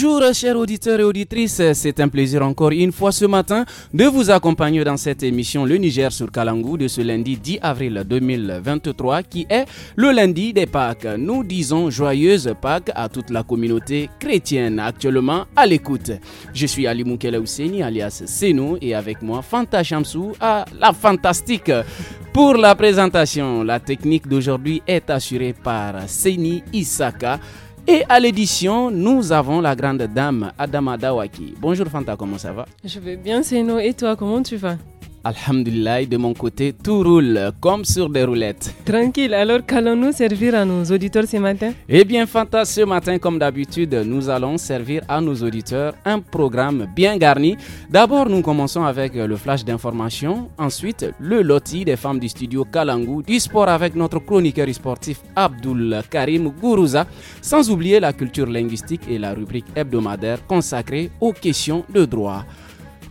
Bonjour chers auditeurs et auditrices, c'est un plaisir encore une fois ce matin de vous accompagner dans cette émission Le Niger sur Kalangou de ce lundi 10 avril 2023 qui est le lundi des Pâques. Nous disons joyeuse Pâques à toute la communauté chrétienne actuellement à l'écoute. Je suis Ali Moukela Ouseni alias Seno et avec moi Fanta Chamsou à la fantastique. Pour la présentation, la technique d'aujourd'hui est assurée par Seni Isaka. Et à l'édition, nous avons la grande dame Adama Dawaki. Bonjour Fanta, comment ça va Je vais bien, Seno. Et toi, comment tu vas Alhamdulillah, de mon côté, tout roule comme sur des roulettes. Tranquille, alors qu'allons-nous servir à nos auditeurs ce matin Eh bien, Fanta, ce matin, comme d'habitude, nous allons servir à nos auditeurs un programme bien garni. D'abord, nous commençons avec le flash d'information. Ensuite, le loti des femmes du studio Kalangu, du sport avec notre chroniqueur sportif Abdul Karim Gourouza, sans oublier la culture linguistique et la rubrique hebdomadaire consacrée aux questions de droit.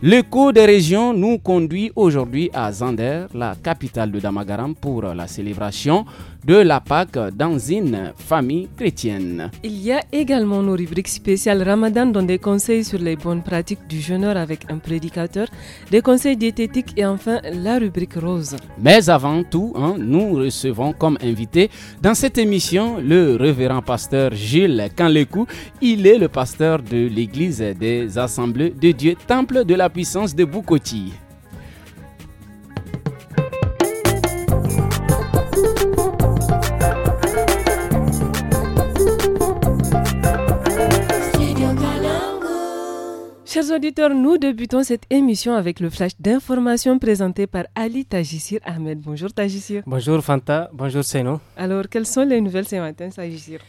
L'écho des régions nous conduit aujourd'hui à Zander, la capitale de Damagaram, pour la célébration de la Pâque dans une famille chrétienne. Il y a également nos rubriques spéciales Ramadan dont des conseils sur les bonnes pratiques du jeûneur avec un prédicateur, des conseils diététiques et enfin la rubrique rose. Mais avant tout, hein, nous recevons comme invité dans cette émission le révérend pasteur Gilles Canlecou. Il est le pasteur de l'église des Assemblées de Dieu, temple de la puissance de Bukoti. Chers auditeurs, nous débutons cette émission avec le flash d'informations présenté par Ali Tajissir Ahmed. Bonjour Tajissir. Bonjour Fanta, bonjour Seno. Alors, quelles sont les nouvelles ce matin, Tajissir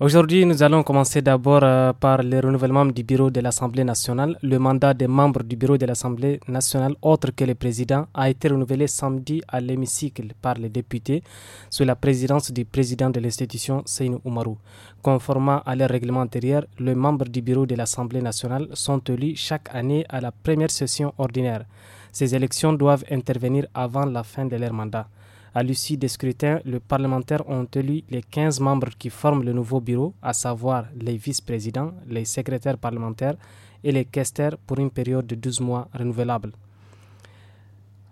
Aujourd'hui, nous allons commencer d'abord euh, par le renouvellement du bureau de l'Assemblée nationale. Le mandat des membres du bureau de l'Assemblée nationale, autre que le président, a été renouvelé samedi à l'hémicycle par les députés sous la présidence du président de l'institution, Seynou Oumarou. Conformément à leur règlement intérieur, les membres du bureau de l'Assemblée nationale sont élus chaque année à la première session ordinaire. Ces élections doivent intervenir avant la fin de leur mandat. À l'issue des scrutins, les parlementaires ont élu les 15 membres qui forment le nouveau bureau, à savoir les vice-présidents, les secrétaires parlementaires et les caisseurs pour une période de 12 mois renouvelable.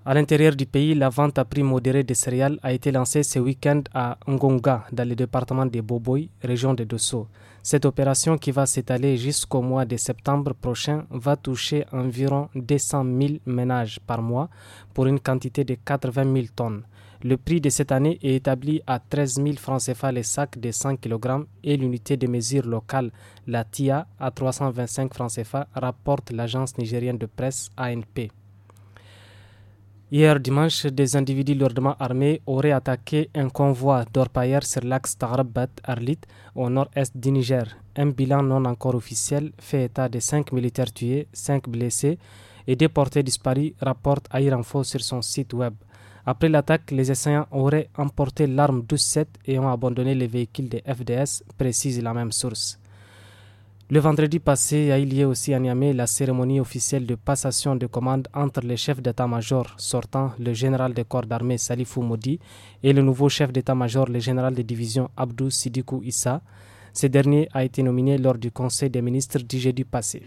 À l'intérieur du pays, la vente à prix modéré des céréales a été lancée ce week-end à Ngonga, dans le département des Boboy, région de Dosso. Cette opération, qui va s'étaler jusqu'au mois de septembre prochain, va toucher environ 200 000 ménages par mois pour une quantité de 80 000 tonnes. Le prix de cette année est établi à 13 000 francs CFA les sacs de 100 kg et l'unité de mesure locale, la TIA, à 325 francs CFA, rapporte l'agence nigérienne de presse ANP. Hier dimanche, des individus lourdement armés auraient attaqué un convoi d'orpailleurs sur l'axe Tarabat Arlit au nord-est du Niger. Un bilan non encore officiel fait état de 5 militaires tués, 5 blessés et déportés disparus, rapporte Air sur son site web. Après l'attaque, les assaillants auraient emporté l'arme 12-7 et ont abandonné les véhicules des FDS, précise la même source. Le vendredi passé a eu lieu aussi à Niamey la cérémonie officielle de passation de commande entre les chefs d'état-major sortant, le général des corps d'armée Salifou Modi, et le nouveau chef d'état-major, le général de division Abdou Sidikou Issa. Ce dernier a été nominé lors du Conseil des ministres du passé.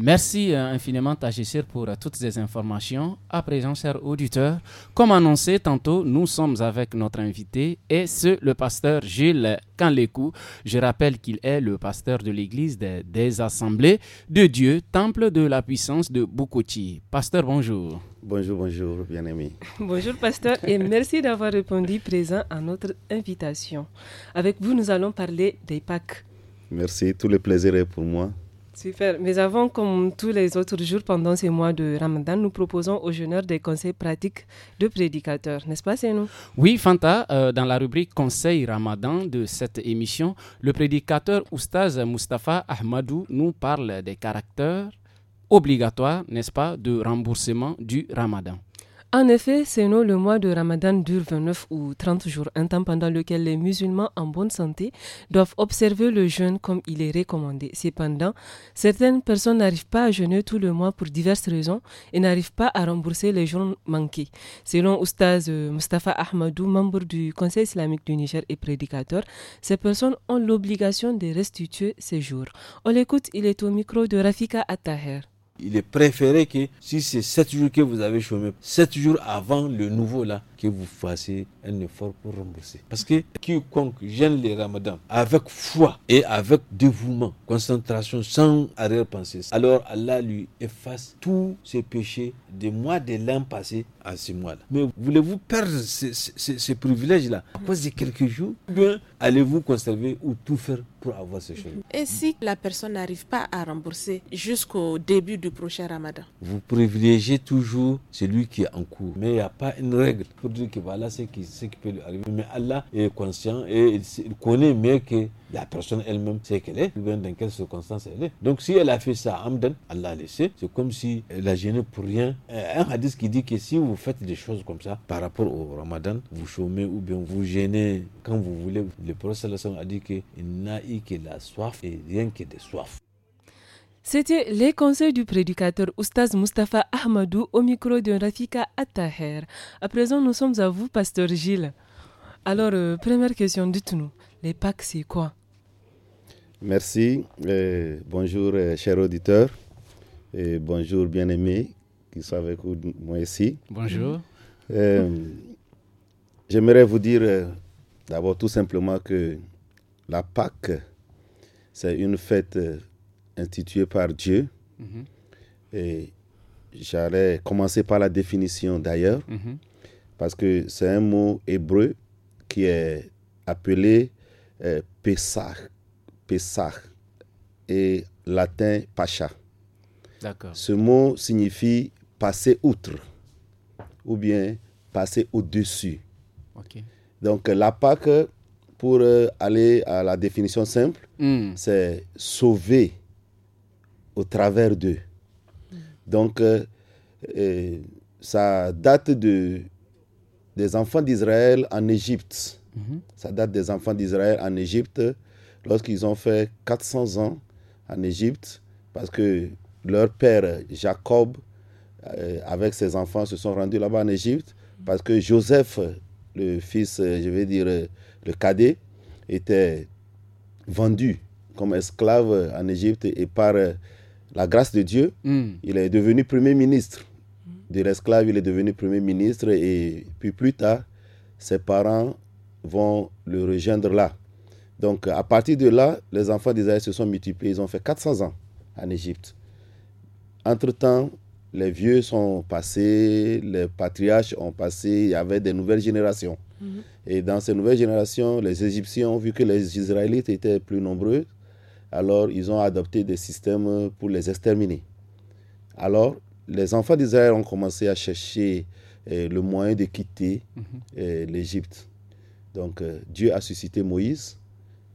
Merci euh, infiniment, Tachéchir, pour euh, toutes ces informations. À présent, chers auditeurs, comme annoncé tantôt, nous sommes avec notre invité et ce, le pasteur Gilles Canlecou, Je rappelle qu'il est le pasteur de l'église des, des, Assemblées de Dieu, temple de la puissance de Bukoti. Pasteur, bonjour. Bonjour, bonjour, bien-aimé. bonjour, pasteur, et merci d'avoir répondu présent à notre invitation. Avec vous, nous allons parler des Pâques. Merci, tout le plaisir est pour moi. Super. Mais avant, comme tous les autres jours pendant ces mois de Ramadan, nous proposons aux jeunes des conseils pratiques de prédicateurs, n'est-ce pas, c'est nous Oui, Fanta, euh, dans la rubrique conseil Ramadan de cette émission, le prédicateur Oustaz Mustafa Ahmadou nous parle des caractères obligatoires, n'est-ce pas, de remboursement du Ramadan. En effet, nous, le mois de Ramadan dure 29 ou 30 jours, un temps pendant lequel les musulmans en bonne santé doivent observer le jeûne comme il est recommandé. Cependant, certaines personnes n'arrivent pas à jeûner tout le mois pour diverses raisons et n'arrivent pas à rembourser les jours manqués. Selon Oustaz euh, Mustafa Ahmadou, membre du Conseil islamique du Niger et prédicateur, ces personnes ont l'obligation de restituer ces jours. On l'écoute, il est au micro de Rafika Attaher. Il est préféré que si c'est 7 jours que vous avez chômé, 7 jours avant le nouveau là, que vous fassiez un effort pour rembourser. Parce que quiconque gêne les ramadans avec foi et avec dévouement, concentration, sans arrière-pensée, alors Allah lui efface tous ses péchés des mois de l'an passé à ces mois-là. Mais voulez-vous perdre ce ce privilèges-là à cause de quelques jours Bien, allez-vous conserver ou tout faire pour avoir ce choses Et si la personne n'arrive pas à rembourser jusqu'au début du prochain ramadan Vous privilégiez toujours celui qui est en cours. Mais il n'y a pas une règle pour dire que voilà ce qui ce qui peut lui arriver. Mais Allah est conscient et il, connaît mieux que la personne elle-même sait qu'elle est, dans quelles circonstances elle est. Donc si elle a fait ça, Amdan, Allah le laissé c'est comme si elle a gêné pour rien. Un hadith qui dit que si vous faites des choses comme ça par rapport au Ramadan, vous chômez ou bien vous gênez quand vous voulez. Le prophète a dit que n'a eu que la soif et rien que de soif. C'était les conseils du prédicateur Oustaz Mustafa Ahmadou au micro de Rafika Attaher. À présent, nous sommes à vous, pasteur Gilles. Alors, euh, première question, dites-nous, les Pâques, c'est quoi Merci. bonjour, euh, chers auditeurs. Et bonjour, bien-aimés, qui sont avec moi ici. Bonjour. Euh, j'aimerais vous dire d'abord tout simplement que la Pâque, c'est une fête institué par Dieu. Mhm. Et j'allais commencer par la définition d'ailleurs, mhm. parce que c'est un mot hébreu qui est appelé euh, Pesach, Pesach, et latin Pacha. Ce mot signifie passer outre ou bien passer au-dessus. Donc la Pâque, pour euh, aller à la définition simple, hmm. c'est sauver travers d'eux. Donc, euh, euh, ça date de, des enfants d'Israël en Égypte. Mhm. Ça date des enfants d'Israël en Égypte lorsqu'ils ont fait 400 ans en Égypte parce que leur père Jacob, euh, avec ses enfants, se sont rendus là-bas en Égypte parce que Joseph, le fils, je vais dire, le cadet, était vendu comme esclave en Égypte et par la grâce de Dieu, hmm. il est devenu Premier ministre. De l'esclave, il est devenu Premier ministre et puis plus tard, ses parents vont le rejoindre là. Donc à partir de là, les enfants d'Israël se sont multipliés. Ils ont fait 400 ans en Égypte. Entre-temps, les vieux sont passés, les patriarches ont passé, il y avait des nouvelles générations. Mhm. Et dans ces nouvelles générations, les Égyptiens ont vu que les Israélites étaient plus nombreux alors ils ont adopté des systèmes pour les exterminer. Alors, les enfants d'Israël ont commencé à chercher euh, le moyen de quitter mhm. euh, l'Égypte. Donc, euh, Dieu a suscité Moïse,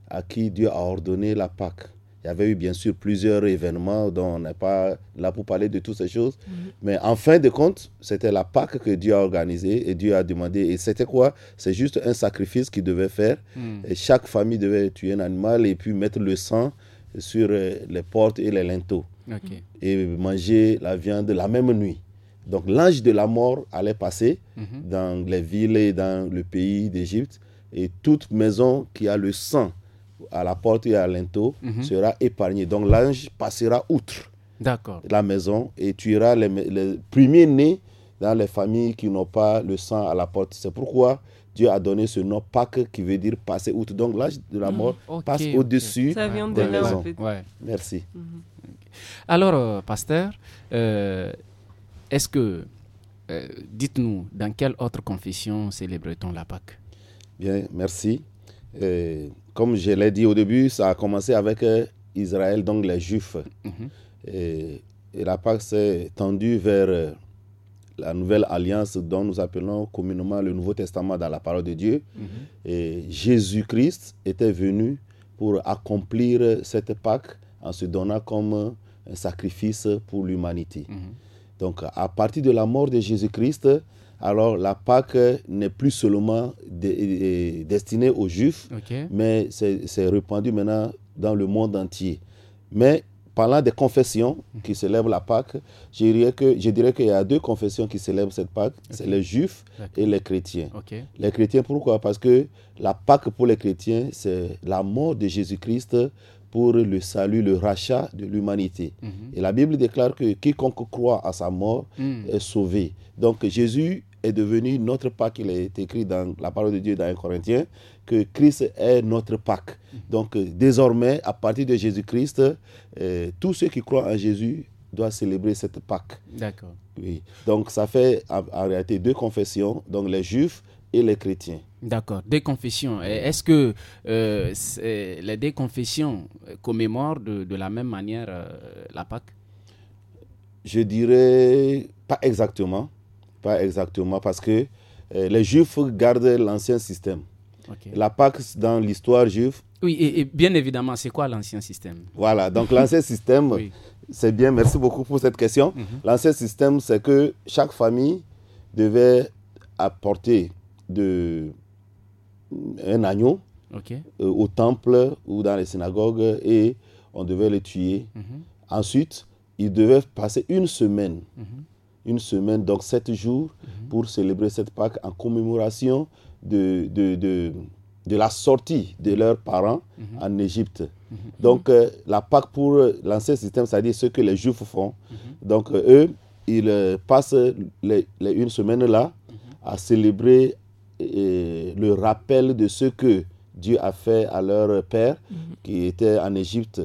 à qui Dieu a ordonné la Pâque. Il y avait eu bien sûr plusieurs événements dont on n'est pas là pour parler de toutes ces choses. Mhm. Mais en fin de compte, c'était la Pâque que Dieu a organisée et Dieu a demandé. Et c'était quoi C'est juste un sacrifice qu'il devait faire. Hmm. chaque famille devait tuer un animal et puis mettre le sang sur euh, les portes et les linteaux et manger la viande la même nuit. Donc l'ange de la mort allait passer mhm. dans les villes et dans le pays d'Égypte et toute maison qui a le sang à la porte et à l'inteau mhm. sera épargnée. Donc l'ange passera outre la maison et tuera les, les premiers-nés dans les familles qui n'ont pas le sang à la porte. C'est pourquoi Dieu a donné ce nom Pâques qui veut dire passer outre. Donc l'âge de la mm. mort passe au-dessus Ça vient de là, En fait. Merci. Mm-hmm. Alors, euh, pasteur, euh, est-ce que, euh, dites-nous, dans quelle autre confession célèbre-t-on la Pâque Bien, merci. comme je l'ai dit au début, ça a commencé avec Israël, donc les Juifs. Mm-hmm. Et, la Pâque s'est tendue vers la nouvelle alliance dont nous appelons communément le Nouveau Testament dans la parole de Dieu. Mhm. Et Jésus-Christ était venu pour accomplir cette Pâque en se donnant comme un sacrifice pour l'humanité. Mhm. Donc à partir de la mort de Jésus-Christ, alors la Pâque n'est plus seulement destinée aux Juifs, mais c'est répandu maintenant dans le monde entier. Mais parlant des confessions qui célèbrent la Pâque, je dirais, que, qu'il y a deux confessions qui célèbrent cette Pâque, c'est les juifs et les chrétiens. Les chrétiens, pourquoi Parce que la Pâque pour les chrétiens, c'est la mort de Jésus-Christ pour le salut, le rachat de l'humanité. Mhm. Et la Bible déclare que quiconque croit à sa mort mm. est sauvé. Donc Jésus est devenu notre Pâque, il est écrit dans la parole de Dieu dans 1 Corinthiens que Christ est notre Pâque. Donc euh, désormais, à partir de Jésus-Christ, euh, tous ceux qui croient en Jésus doivent célébrer cette Pâque. D'accord. Oui. Donc ça fait en réalité deux confessions, donc les Juifs et les chrétiens. D'accord, deux confessions. Est-ce que euh, les deux confessions commémorent de, la même manière la Pâque Je dirais pas exactement, pas exactement, parce que les Juifs gardent l'ancien système. La Pâque, dans l'histoire juive. Oui, et, bien évidemment, c'est quoi l'ancien système Voilà, donc l'ancien système, c'est bien, merci beaucoup pour cette question. Mhm. L'ancien système, c'est que chaque famille devait apporter de, un agneau euh, au temple ou dans les synagogues et on devait le tuer. Mhm. Ensuite, ils devaient passer une semaine, mhm. une semaine, donc sept jours, pour célébrer cette Pâque en commémoration de, de, de, la sortie de mhm. leurs parents mhm. en Égypte. Mhm. Donc, euh, la Pâque pour l'ancien système, c'est-à-dire ce que les Juifs font. Donc, euh, eux, ils euh, passent les, une semaine là à célébrer le rappel de ce que Dieu a fait à leur père qui était en Égypte.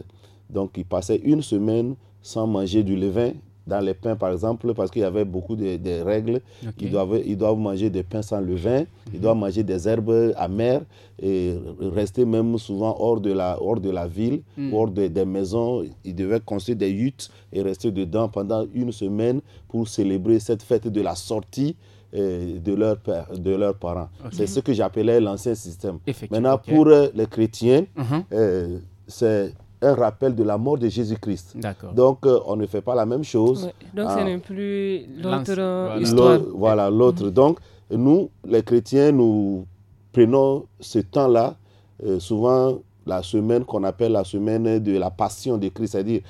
Donc ils passaient une semaine sans manger du levain, dans les pains, par exemple, parce qu'il y avait beaucoup de, règles. Ils, doivent, ils doivent manger des pains sans levain, ils mhm. doivent manger des herbes amères et rester même souvent hors de la, hors de la ville, mhm. hors des maisons. Ils devaient construire des huttes et rester dedans pendant une semaine pour célébrer cette fête de la sortie euh, de, leur de leurs parents. C'est ce que j'appelais l'ancien système. Maintenant, pour euh, les chrétiens, mhm. euh, c'est un rappel de la mort de Jésus-Christ. Donc, euh, on ne fait pas la même chose. Donc, ce ah. n'est plus l'autre euh, histoire. Voilà, l'autre. Mm. Donc, nous, les chrétiens, nous prenons ce temps-là, euh, souvent la semaine qu'on appelle la semaine de la passion de Christ, c'est-à-dire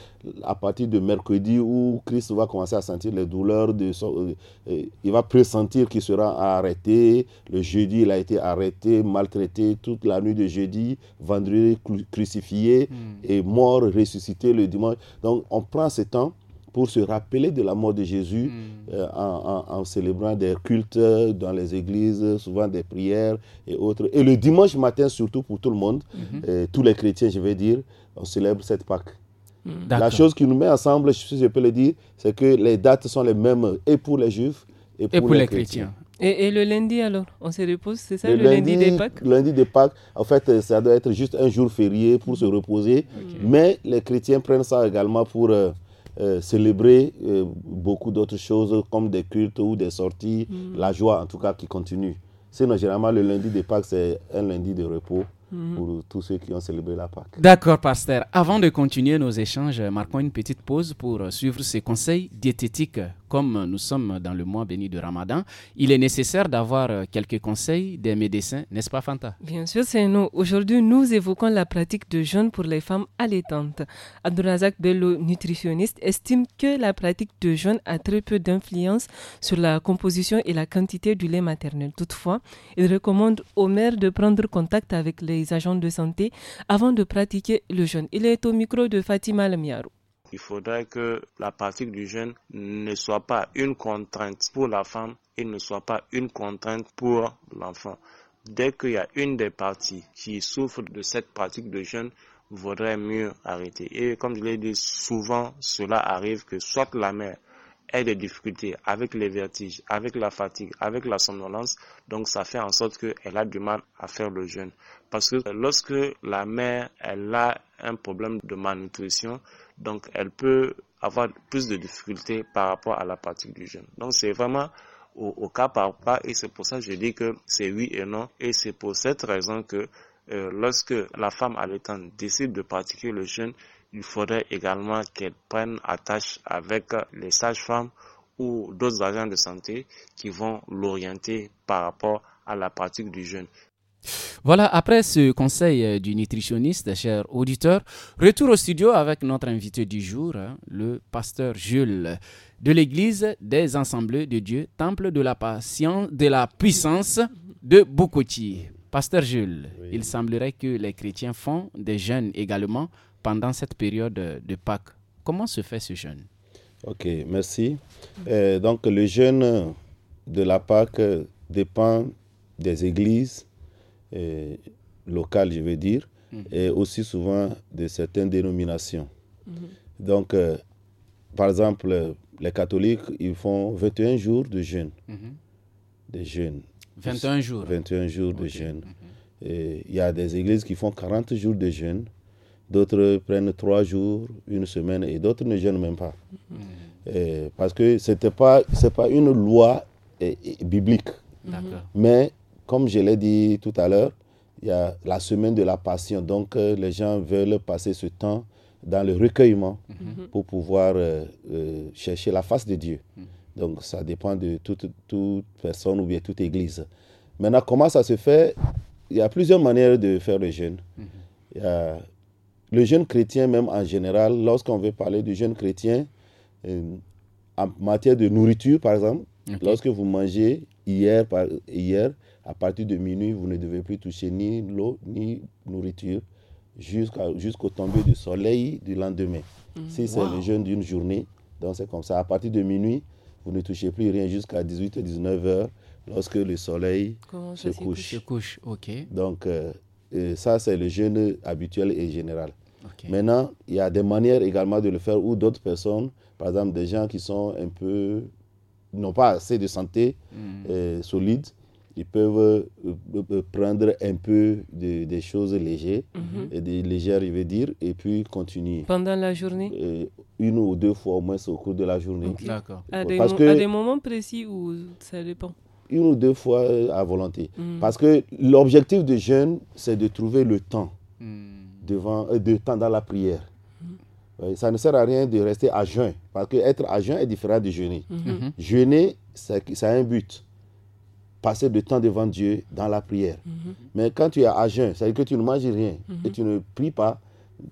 à partir de mercredi où Christ va commencer à sentir les douleurs, de euh, euh, il va pressentir qu'il sera arrêté. Le jeudi, il a été arrêté, maltraité toute la nuit de jeudi, vendredi crucifié hmm. et mort, ressuscité le dimanche. Donc on prend ce temps pour se rappeler de la mort de Jésus hmm. euh, en, célébrant des cultes dans les églises, souvent des prières et autres. Et le dimanche matin, surtout pour tout le monde, hmm. euh, tous les chrétiens, je vais dire, on célèbre cette Pâque. Hmm. La chose qui nous met ensemble, si je peux le dire, c'est que les dates sont les mêmes et pour les juifs et pour, les, chrétiens. Et, le lundi alors, on se repose, c'est ça le, lundi, de des Pâques Lundi des Pâques, en fait, euh, ça doit être juste un jour férié pour se reposer. Mais les chrétiens prennent ça également pour euh, célébrer euh, beaucoup d'autres choses comme des cultes ou des sorties, mm. la joie en tout cas qui continue. Sinon, généralement, le lundi de Pâques, c'est un lundi de repos. Mm. pour tous ceux qui ont célébré la Pâques. D'accord, pasteur. Avant de continuer nos échanges, marquons une petite pause pour suivre ces conseils diététiques comme nous sommes dans le mois béni de Ramadan, il est nécessaire d'avoir euh, quelques conseils des médecins, n'est-ce pas Fanta Bien sûr, c'est nous. Aujourd'hui, nous évoquons la pratique de jeûne pour les femmes allaitantes. Abdurazak Bello, nutritionniste, estime que la pratique de jeûne a très peu d'influence sur la composition et la quantité du lait maternel. Toutefois, il recommande aux mères de prendre contact avec les agents de santé avant de pratiquer le jeûne. Il est au micro de Fatima Lamiarou. Il faudrait que la pratique du jeûne ne soit pas une contrainte pour la femme et ne soit pas une contrainte pour l'enfant. Dès qu'il y a une des parties qui souffre de cette pratique de jeûne, vaudrait mieux arrêter. Et comme je l'ai dit, souvent cela arrive que soit la mère ait des difficultés avec les vertiges, avec la fatigue, avec la somnolence, donc ça fait en sorte qu'elle a du mal à faire le jeûne. Parce que lorsque la mère, elle a un problème de malnutrition, donc, elle peut avoir plus de difficultés par rapport à la pratique du jeûne. Donc, c'est vraiment au, cas par cas et c'est pour ça que je dis que c'est oui et non. Et c'est pour cette raison que euh, lorsque la femme allaitante décide de pratiquer le jeûne, il faudrait également qu'elle prenne attache avec les sages-femmes ou d'autres agents de santé qui vont l'orienter par rapport à la pratique du jeûne. Voilà, après ce conseil euh, du nutritionniste, chers auditeurs, retour au studio avec notre invité du jour, hein, le pasteur Jules de l'Église des Ensembles de Dieu, Temple de la, patience, de la Puissance de Bukoti. Pasteur Jules, il semblerait que les chrétiens font des jeûnes également pendant cette période de Pâques. Comment se fait ce jeûne Ok, merci. Euh, donc le jeûne de la Pâque dépend des églises et locales, je veux dire, mhm. et aussi souvent de certaines dénominations. Mhm. Donc, euh, par exemple, les catholiques, ils font 21 jours de jeûne. Mhm. De jeûne. 21 jours. 21 jours de jeûne. il y a des églises qui font 40 jours de jeûne, d'autres prennent 3 jours, une semaine, et d'autres ne jeûnent même pas. parce que ce n'est pas, pas une loi biblique. Mais comme je l'ai dit tout à l'heure, il y a la semaine de la passion. Donc, euh, les gens veulent passer ce temps dans le recueillement mhm. Mhm. pour pouvoir euh, euh, chercher la face de Dieu. Mhm. Donc, ça dépend de toute, personne ou bien toute église. Maintenant, comment ça se fait Il y a plusieurs manières de faire le jeûne. le jeûne chrétien, même en général, lorsqu'on veut parler du jeûne chrétien, en matière de nourriture, par exemple, lorsque vous mangez hier, par, hier à partir de minuit, vous ne devez plus toucher ni l'eau ni nourriture jusqu'au jusqu du soleil du lendemain. Mhm. Si c'est le jeûne d'une journée, donc c'est comme ça. À partir de minuit, vous ne touchez plus rien jusqu'à 18 19 heures lorsque le soleil se couche. ok. Donc euh, euh, ça, c'est le jeûne habituel et général. Maintenant, il y a des manières également de le faire où d'autres personnes, par exemple des gens qui sont un peu, n'ont pas assez de santé mhm. euh, solide, ils peuvent euh, euh, euh, prendre un peu de, des choses légères, mhm. et des légères, je veux dire, et puis continuer. Pendant la journée Une ou deux fois au moins au cours de la journée. D'accord. À, des moments précis où ça dépend Une ou deux fois à volonté. Mhm. Parce que l'objectif de jeûne, c'est de trouver le temps, hmm. devant, de temps dans la prière. Mhm. Ça ne sert à rien de rester à jeun, parce que être à jeun est différent de jeûner. Jeûner, ça a un but passer du temps devant Dieu dans la prière. Mhm. Mais quand tu es à jeun, c'est-à-dire que tu ne manges rien mhm. et tu ne pries pas,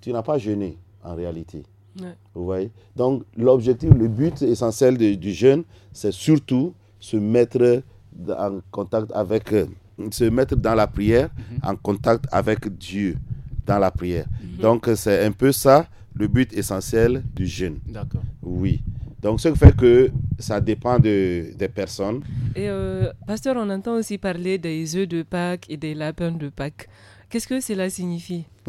tu n'as pas jeûné en réalité. Vous voyez Donc l'objectif, le but essentiel du jeûne, c'est surtout se mettre en contact avec, euh, se mettre dans la prière, mhm. en contact avec Dieu dans la prière. Donc c'est un peu ça le but essentiel du jeûne. D'accord. Oui. Donc, ce qui fait que ça dépend de, des personnes. Et euh, pasteur, on entend aussi parler des œufs de Pâques et des lapins de Pâques. Qu'est-ce que cela signifie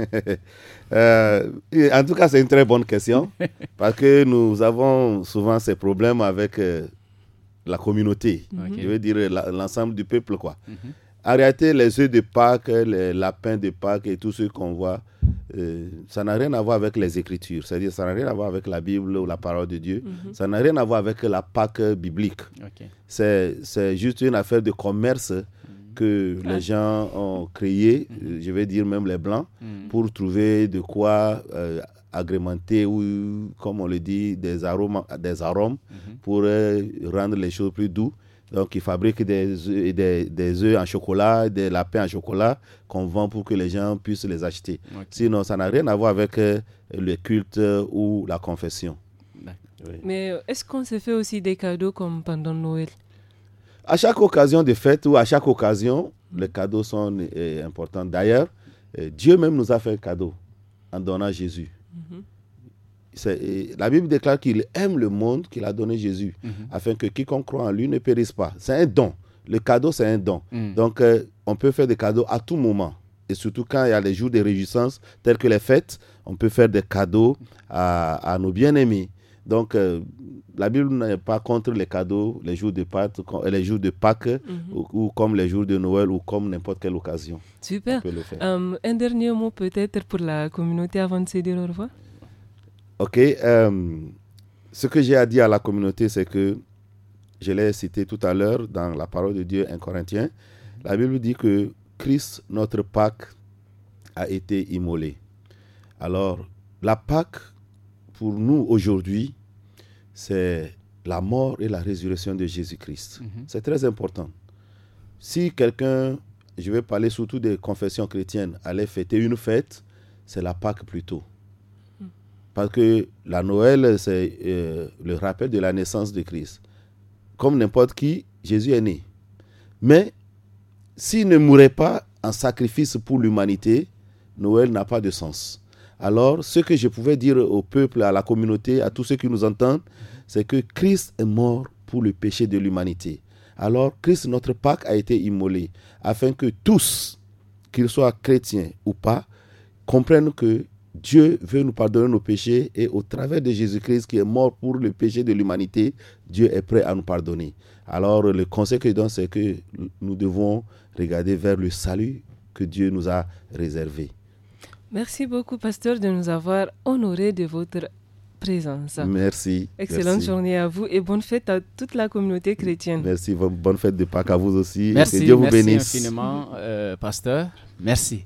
euh, En tout cas, c'est une très bonne question parce que nous avons souvent ces problèmes avec euh, la communauté, mhm. je veux dire l'ensemble du peuple. quoi. Mhm. En réalité, les œufs de Pâques, les lapins de Pâques et tout ce qu'on voit, euh, ça n'a rien à voir avec les Écritures, c'est-à-dire ça n'a rien à voir avec la Bible ou la parole de Dieu, mhm. ça n'a rien à voir avec la Pâque biblique. C'est juste une affaire de commerce mhm. que les gens ont créé, mhm. euh, je vais dire même les blancs, pour trouver de quoi euh, agrémenter ou, comme on le dit, des arômes, des arômes pour rendre les choses plus douces. Donc, ils fabriquent des, des, des œufs en chocolat, des lapins en chocolat qu'on vend pour que les gens puissent les acheter. Sinon, ça n'a rien à voir avec euh, le culte euh, ou la confession. Mais euh, est-ce qu'on se fait aussi des cadeaux comme pendant Noël À chaque occasion de fête ou à chaque occasion, mm. les cadeaux sont importants. D'ailleurs, Dieu même nous a fait un cadeau en donnant Jésus la Bible déclare qu'il aime le monde qu'il a donné Jésus, mhm. afin que quiconque croit en lui ne périsse pas. C'est un don. Le cadeau, c'est un don. Mm. Donc, euh, on peut faire des cadeaux à tout moment. Et surtout quand il y a les jours de réjouissance, tels que les fêtes, on peut faire des cadeaux à, nos bien-aimés. Donc, euh, la Bible n'est pas contre les cadeaux, les jours de Pâques, euh, les jours de mhm. ou, comme les jours de Noël ou comme n'importe quelle occasion. Super. un dernier mot peut-être pour la communauté avant de se dire au revoir. Ok. Euh, ce que j'ai à dire à la communauté, c'est que, je l'ai cité tout à l'heure dans la parole de Dieu, 1 Corinthien, la Bible dit que Christ, notre Pâque, a été immolé. Alors, la Pâque, pour nous aujourd'hui, c'est la mort et la résurrection de Jésus-Christ. Mhm. C'est très important. Si quelqu'un, je vais parler surtout des confessions chrétiennes, allait fêter une fête, c'est la Pâque plutôt. Parce que la Noël, c'est euh, le rappel de la naissance de Christ. Comme n'importe qui, Jésus est né. Mais s'il ne mourait pas en sacrifice pour l'humanité, Noël n'a pas de sens. Alors, ce que je pouvais dire au peuple, à la communauté, à tous ceux qui nous entendent, c'est que Christ est mort pour le péché de l'humanité. Alors, Christ, notre Pâque, a été immolé, afin que tous, qu'ils soient chrétiens ou pas, comprennent que Dieu veut nous pardonner nos péchés et au travers de Jésus-Christ qui est mort pour le péché de l'humanité, Dieu est prêt à nous pardonner. Alors le conseil que je donne, c'est que nous devons regarder vers le salut que Dieu nous a réservé. Merci beaucoup, pasteur, de nous avoir honoré de votre présence. Merci. Excellente journée à vous et bonne fête à toute la communauté chrétienne. Merci, bonne fête de Pâques à vous aussi. Merci, que Dieu vous merci bénisse. infiniment, euh, pasteur. Merci.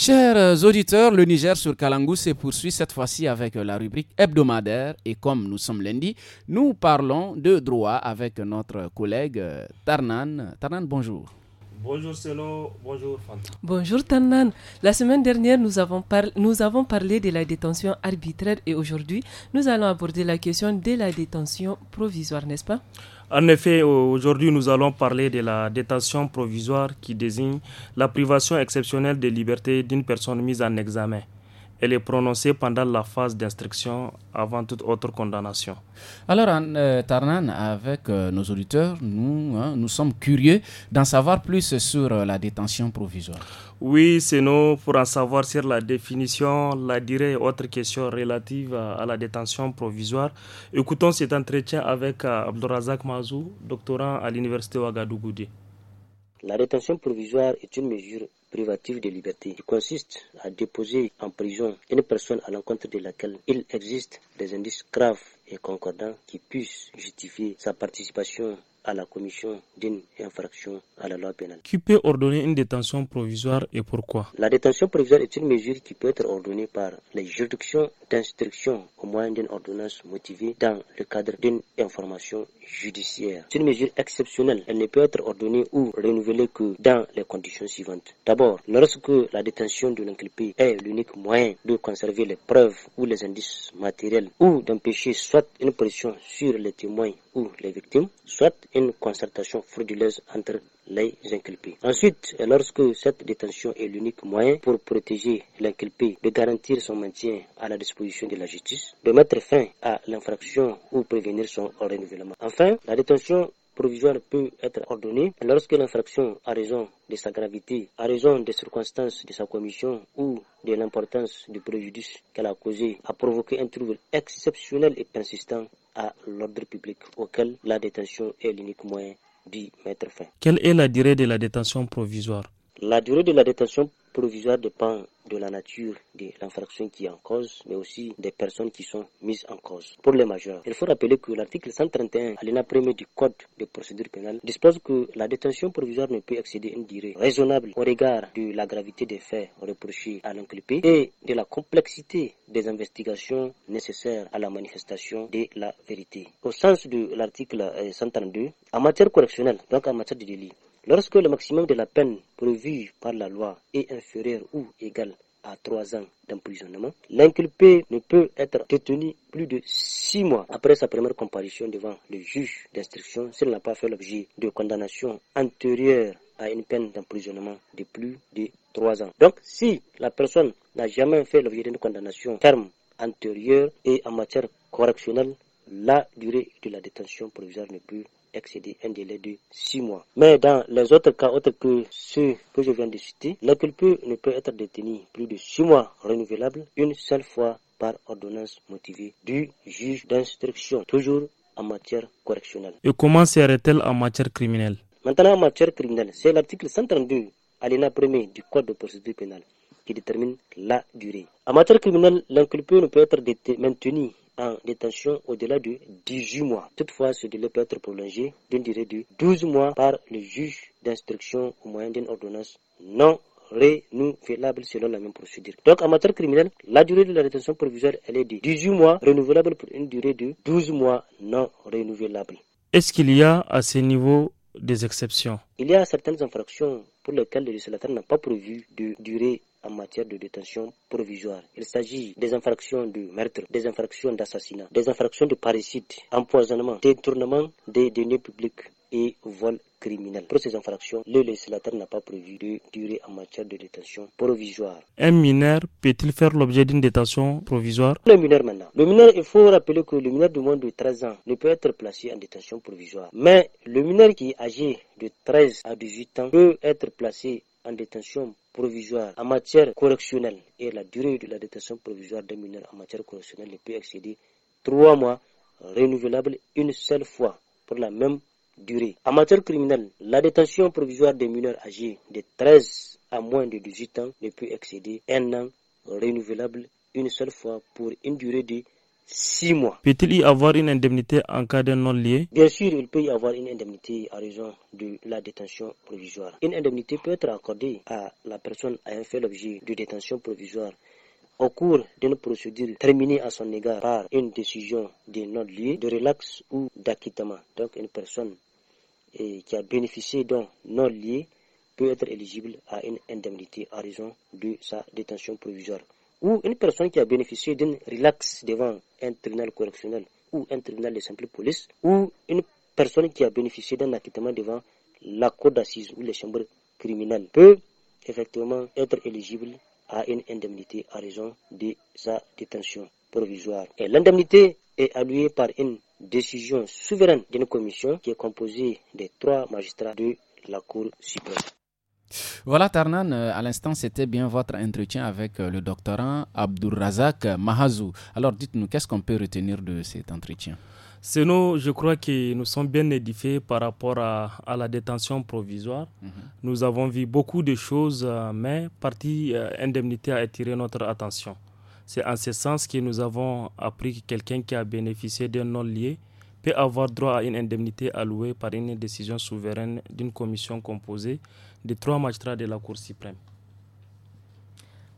Chers auditeurs, le Niger sur Kalangou se poursuit cette fois-ci avec la rubrique hebdomadaire et comme nous sommes lundi, nous parlons de droit avec notre collègue euh, Tarnan. Tarnan, bonjour. Bonjour Selo, bonjour Fanta. Bonjour Tarnan. La semaine dernière, nous avons, nous avons parlé de la détention arbitraire et aujourd'hui, nous allons aborder la question de la détention provisoire, n'est-ce pas en effet, aujourd'hui, nous allons parler de la détention provisoire qui désigne la privation exceptionnelle de liberté d'une personne mise en examen elle est prononcée pendant la phase d'instruction avant toute autre condamnation. Alors, euh, Tarnan, avec euh, nos auditeurs, nous, hein, nous sommes curieux d'en savoir plus sur euh, la détention provisoire. Oui, c'est nous pour en savoir sur la définition, la durée et autres questions relatives à, la détention provisoire. Écoutons cet entretien avec Abdourazak Mazou, doctorant à l'université Ouagadougou. La détention provisoire est une mesure privative de liberté qui consiste à déposer en prison une personne à l'encontre de laquelle il existe des indices graves et concordants qui puissent justifier sa participation à la commission d'une infraction à la loi pénale. Qui peut ordonner une détention provisoire et pourquoi La détention provisoire est une mesure qui peut être ordonnée par les juridictions d'instruction au moyen d'une ordonnance motivée dans le cadre d'une information judiciaire. C'est une mesure exceptionnelle. Elle ne peut être ordonnée ou renouvelée que dans les conditions suivantes. D'abord, lorsque la détention de l'inculpé est l'unique moyen de conserver les preuves ou les indices matériels ou d'empêcher soit une pression sur les témoins ou les victimes, soit une concertation frauduleuse entre les inculpés. Ensuite, lorsque cette détention est l'unique moyen pour protéger l'inculpé, de garantir son maintien à la disposition de la justice, de mettre fin à l'infraction ou prévenir son renouvellement. Enfin, la détention provisoire peut être ordonnée lorsque l'infraction à raison de sa gravité, à raison des circonstances de sa commission ou de l'importance du préjudice qu'elle a causé, a provoqué un trouble exceptionnel et persistant à l'ordre public auquel la détention est l'unique moyen d'y mettre fin. Quelle est la durée de la détention provisoire la durée de la détention provisoire dépend de la nature de l'infraction qui est en cause, mais aussi des personnes qui sont mises en cause. Pour les majeurs, il faut rappeler que l'article 131, alinéa premier du Code de procédure pénale, dispose que la détention provisoire ne peut excéder une durée raisonnable au regard de la gravité des faits reprochés à l'inculpé et de la complexité des investigations nécessaires à la manifestation de la vérité. Au sens de l'article 132, en matière correctionnelle, donc en matière de délit, Lorsque le maximum de la peine prévue par la loi est inférieur ou égal à trois ans d'emprisonnement, l'inculpé ne peut être détenu plus de six mois après sa première comparution devant le juge d'instruction s'il n'a pas fait l'objet de condamnation antérieure à une peine d'emprisonnement de plus de trois ans. Donc, si la personne n'a jamais fait l'objet d'une condamnation ferme antérieure et en matière correctionnelle, la durée de la détention provisoire ne peut excéder un délai de six mois. Mais dans les autres cas autres que ceux que je viens de citer, l'inculpé ne peut être détenu plus de six mois renouvelable une seule fois par ordonnance motivée du juge d'instruction, toujours en matière correctionnelle. Et comment t elle en matière criminelle Maintenant, en matière criminelle, c'est l'article 132, alinéa 1 du Code de procédure pénale qui détermine la durée. En matière criminelle, l'inculpé ne peut être maintenu en détention au-delà de 18 mois. Toutefois, ce délai peut être prolongé d'une durée de 12 mois par le juge d'instruction au moyen d'une ordonnance non renouvelable selon la même procédure. Donc, en matière criminelle, la durée de la détention provisoire, elle est de 18 mois renouvelable pour une durée de 12 mois non renouvelable. Est-ce qu'il y a à ce niveau des exceptions Il y a certaines infractions pour lesquelles le législateur n'a pas prévu de durée en matière de détention provisoire. Il s'agit des infractions de meurtre, des infractions d'assassinat, des infractions de parricide, empoisonnement, détournement des deniers publics et vol criminel. Pour ces infractions, le législateur n'a pas prévu de durée en matière de détention provisoire. Un mineur peut-il faire l'objet d'une détention provisoire Le mineur maintenant. Le mineur, il faut rappeler que le mineur de moins de 13 ans ne peut être placé en détention provisoire. Mais le mineur qui est âgé de 13 à 18 ans peut être placé en détention provisoire en matière correctionnelle et la durée de la détention provisoire des mineurs en matière correctionnelle ne peut excéder trois mois renouvelables une seule fois pour la même durée. En matière criminelle, la détention provisoire des mineurs âgés de 13 à moins de 18 ans ne peut excéder un an renouvelable une seule fois pour une durée de six mois. Peut-il y avoir une indemnité en cas d'un non-lié Bien sûr, il peut y avoir une indemnité à raison de la détention provisoire. Une indemnité peut être accordée à la personne ayant fait l'objet de détention provisoire au cours d'une procédure terminée à son égard par une décision de non-lieu, de relax ou d'acquittement. Donc une personne eh, qui a bénéficié d'un non lié peut être éligible à une indemnité à raison de sa détention provisoire ou une personne qui a bénéficié d'un relax devant un tribunal correctionnel ou un tribunal de simple police, ou une personne qui a bénéficié d'un acquittement devant la cour d'assises ou les chambres criminelles peut effectivement être éligible à une indemnité à raison de sa détention provisoire. Et l'indemnité est allouée par une décision souveraine d'une commission qui est composée des trois magistrats de la Cour suprême. Voilà, Tarnan, euh, à l'instant, c'était bien votre entretien avec euh, le doctorant Abdurrazak Mahazou. Alors, dites-nous, qu'est-ce qu'on peut retenir de cet entretien Sinon, je crois que nous sommes bien édifiés par rapport à, à la détention provisoire. Mhm. Nous avons vu beaucoup de choses, euh, mais partie indemnité a attiré notre attention. C'est en ce sens que nous avons appris que quelqu'un qui a bénéficié d'un non lié peut avoir droit à une indemnité allouée par une décision souveraine d'une commission composée des trois magistrats de la Cour suprême.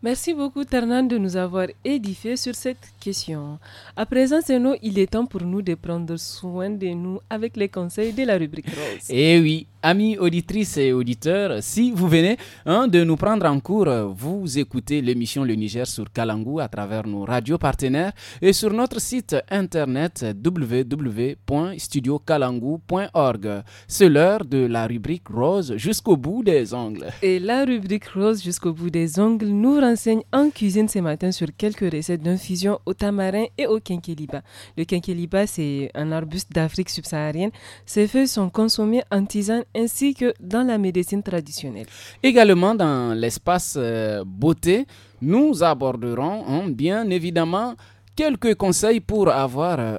Merci beaucoup, Ternan, de nous avoir édifié sur cette question. À présent, c'est nous, il est temps pour nous de prendre soin de nous avec les conseils de la rubrique rose. Eh oui, amis auditrices et auditeurs, si vous venez hein, de nous prendre en cours, vous écoutez l'émission Le Niger sur Kalangou à travers nos radios partenaires et sur notre site internet www.studiokalangou.org. C'est l'heure de la rubrique rose jusqu'au bout des ongles. Et la rubrique rose jusqu'au bout des ongles nous rend enseigne en cuisine ce matin sur quelques recettes d'infusion au tamarin et au quinqueliba. Le quinqueliba, c'est un arbuste d'Afrique subsaharienne. Ses feuilles sont consommées en tisane ainsi que dans la médecine traditionnelle. Également dans l'espace euh, beauté, nous aborderons hein, bien évidemment quelques conseils pour avoir euh,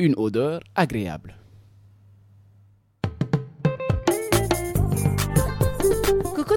une odeur agréable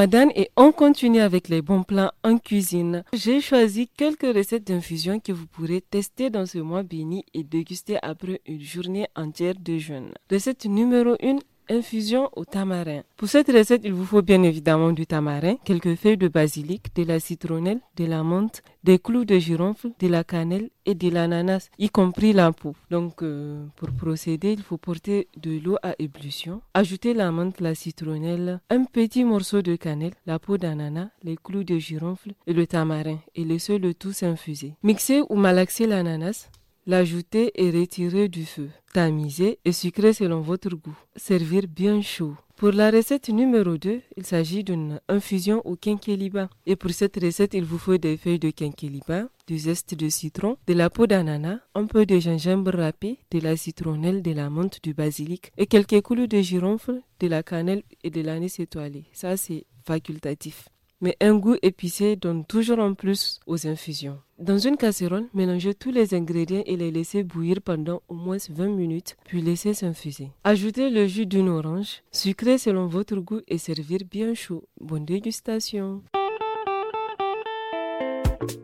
Madame et on continue avec les bons plans en cuisine. J'ai choisi quelques recettes d'infusion que vous pourrez tester dans ce mois béni et déguster après une journée entière de jeûne. Recette numéro 1, infusion au tamarin. Pour cette recette, il vous faut bien évidemment du tamarin, quelques feuilles de basilic, de la citronnelle, de la menthe, des clous de girofle, de la cannelle et de l'ananas, y compris la peau. Donc, euh, pour procéder, il faut porter de l'eau à ébullition, ajouter la menthe, la citronnelle, un petit morceau de cannelle, la peau d'ananas, les clous de girofle et le tamarin et laisser le tout s'infuser. Mixer ou malaxer l'ananas L'ajouter et retirer du feu. Tamiser et sucrer selon votre goût. Servir bien chaud. Pour la recette numéro 2, il s'agit d'une infusion au quinqueliba. Et pour cette recette, il vous faut des feuilles de quinquéliba, du zeste de citron, de la peau d'ananas, un peu de gingembre râpé, de la citronnelle, de la menthe, du basilic et quelques coulis de girofle, de la cannelle et de l'anis étoilé. Ça, c'est facultatif mais un goût épicé donne toujours en plus aux infusions. Dans une casserole, mélangez tous les ingrédients et les laissez bouillir pendant au moins 20 minutes, puis laissez s'infuser. Ajoutez le jus d'une orange, sucrez selon votre goût et servir bien chaud. Bonne dégustation.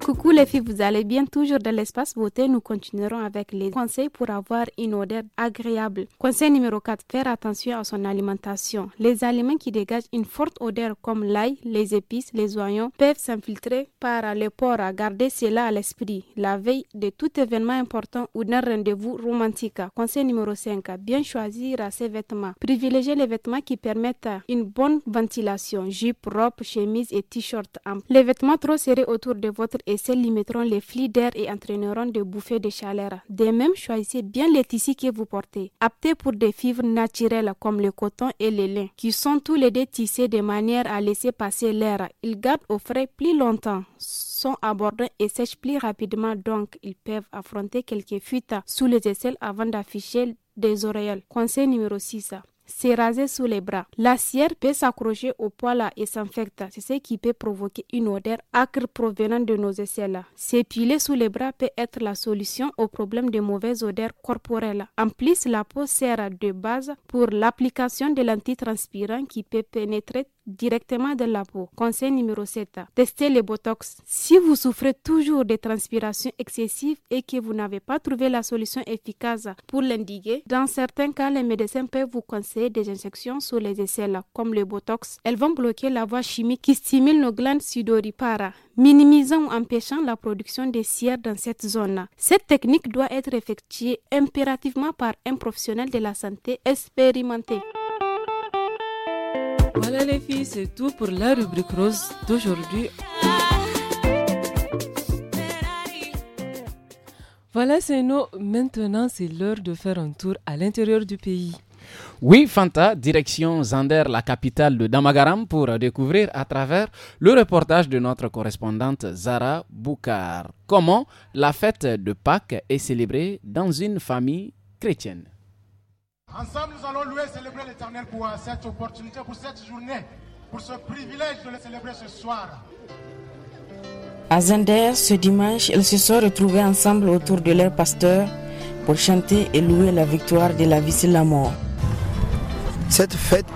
Coucou les filles, vous allez bien toujours dans l'espace beauté. Nous continuerons avec les conseils pour avoir une odeur agréable. Conseil numéro 4, faire attention à son alimentation. Les aliments qui dégagent une forte odeur comme l'ail, les épices, les oignons peuvent s'infiltrer par les pores. Gardez cela à l'esprit la veille de tout événement important ou d'un rendez-vous romantique. Conseil numéro 5, bien choisir ses vêtements. Privilégiez les vêtements qui permettent une bonne ventilation, jupe, robe, chemise et t-shirt. Les vêtements trop serrés autour de votre votre et limiteront les flux d'air et entraîneront des bouffées de chaleur. De même, choisissez bien les tissus que vous portez. aptés pour des fibres naturelles comme le coton et le lin, qui sont tous les deux tissés de manière à laisser passer l'air. Ils gardent au frais plus longtemps, sont abordants et sèchent plus rapidement, donc ils peuvent affronter quelques fuites sous les aisselles avant d'afficher des oreilles. Conseil numéro 6 s'est sous les bras. La cire peut s'accrocher au poil et s'infecter. C'est ce qui peut provoquer une odeur acre provenant de nos aisselles. S'épiler sous les bras peut être la solution au problème de mauvaise odeur corporelle. En plus, la peau sert de base pour l'application de l'antitranspirant qui peut pénétrer directement de la peau. Conseil numéro 7. Testez le Botox. Si vous souffrez toujours de transpiration excessive et que vous n'avez pas trouvé la solution efficace pour l'indiquer, dans certains cas, les médecins peuvent vous conseiller des injections sur les aisselles, comme le Botox. Elles vont bloquer la voie chimique qui stimule nos glandes sudoripares, minimisant ou empêchant la production des sueur dans cette zone. Cette technique doit être effectuée impérativement par un professionnel de la santé expérimenté. Voilà les filles, c'est tout pour la rubrique rose d'aujourd'hui. Voilà, c'est nous. Maintenant, c'est l'heure de faire un tour à l'intérieur du pays. Oui, Fanta, direction Zander, la capitale de Damagaram, pour découvrir à travers le reportage de notre correspondante Zara Boukar comment la fête de Pâques est célébrée dans une famille chrétienne. Ensemble, nous allons louer et célébrer l'Éternel pour euh, cette opportunité, pour cette journée, pour ce privilège de le célébrer ce soir. À Zender, ce dimanche, ils se sont retrouvés ensemble autour de leur pasteur pour chanter et louer la victoire de la vie sur la mort. Cette fête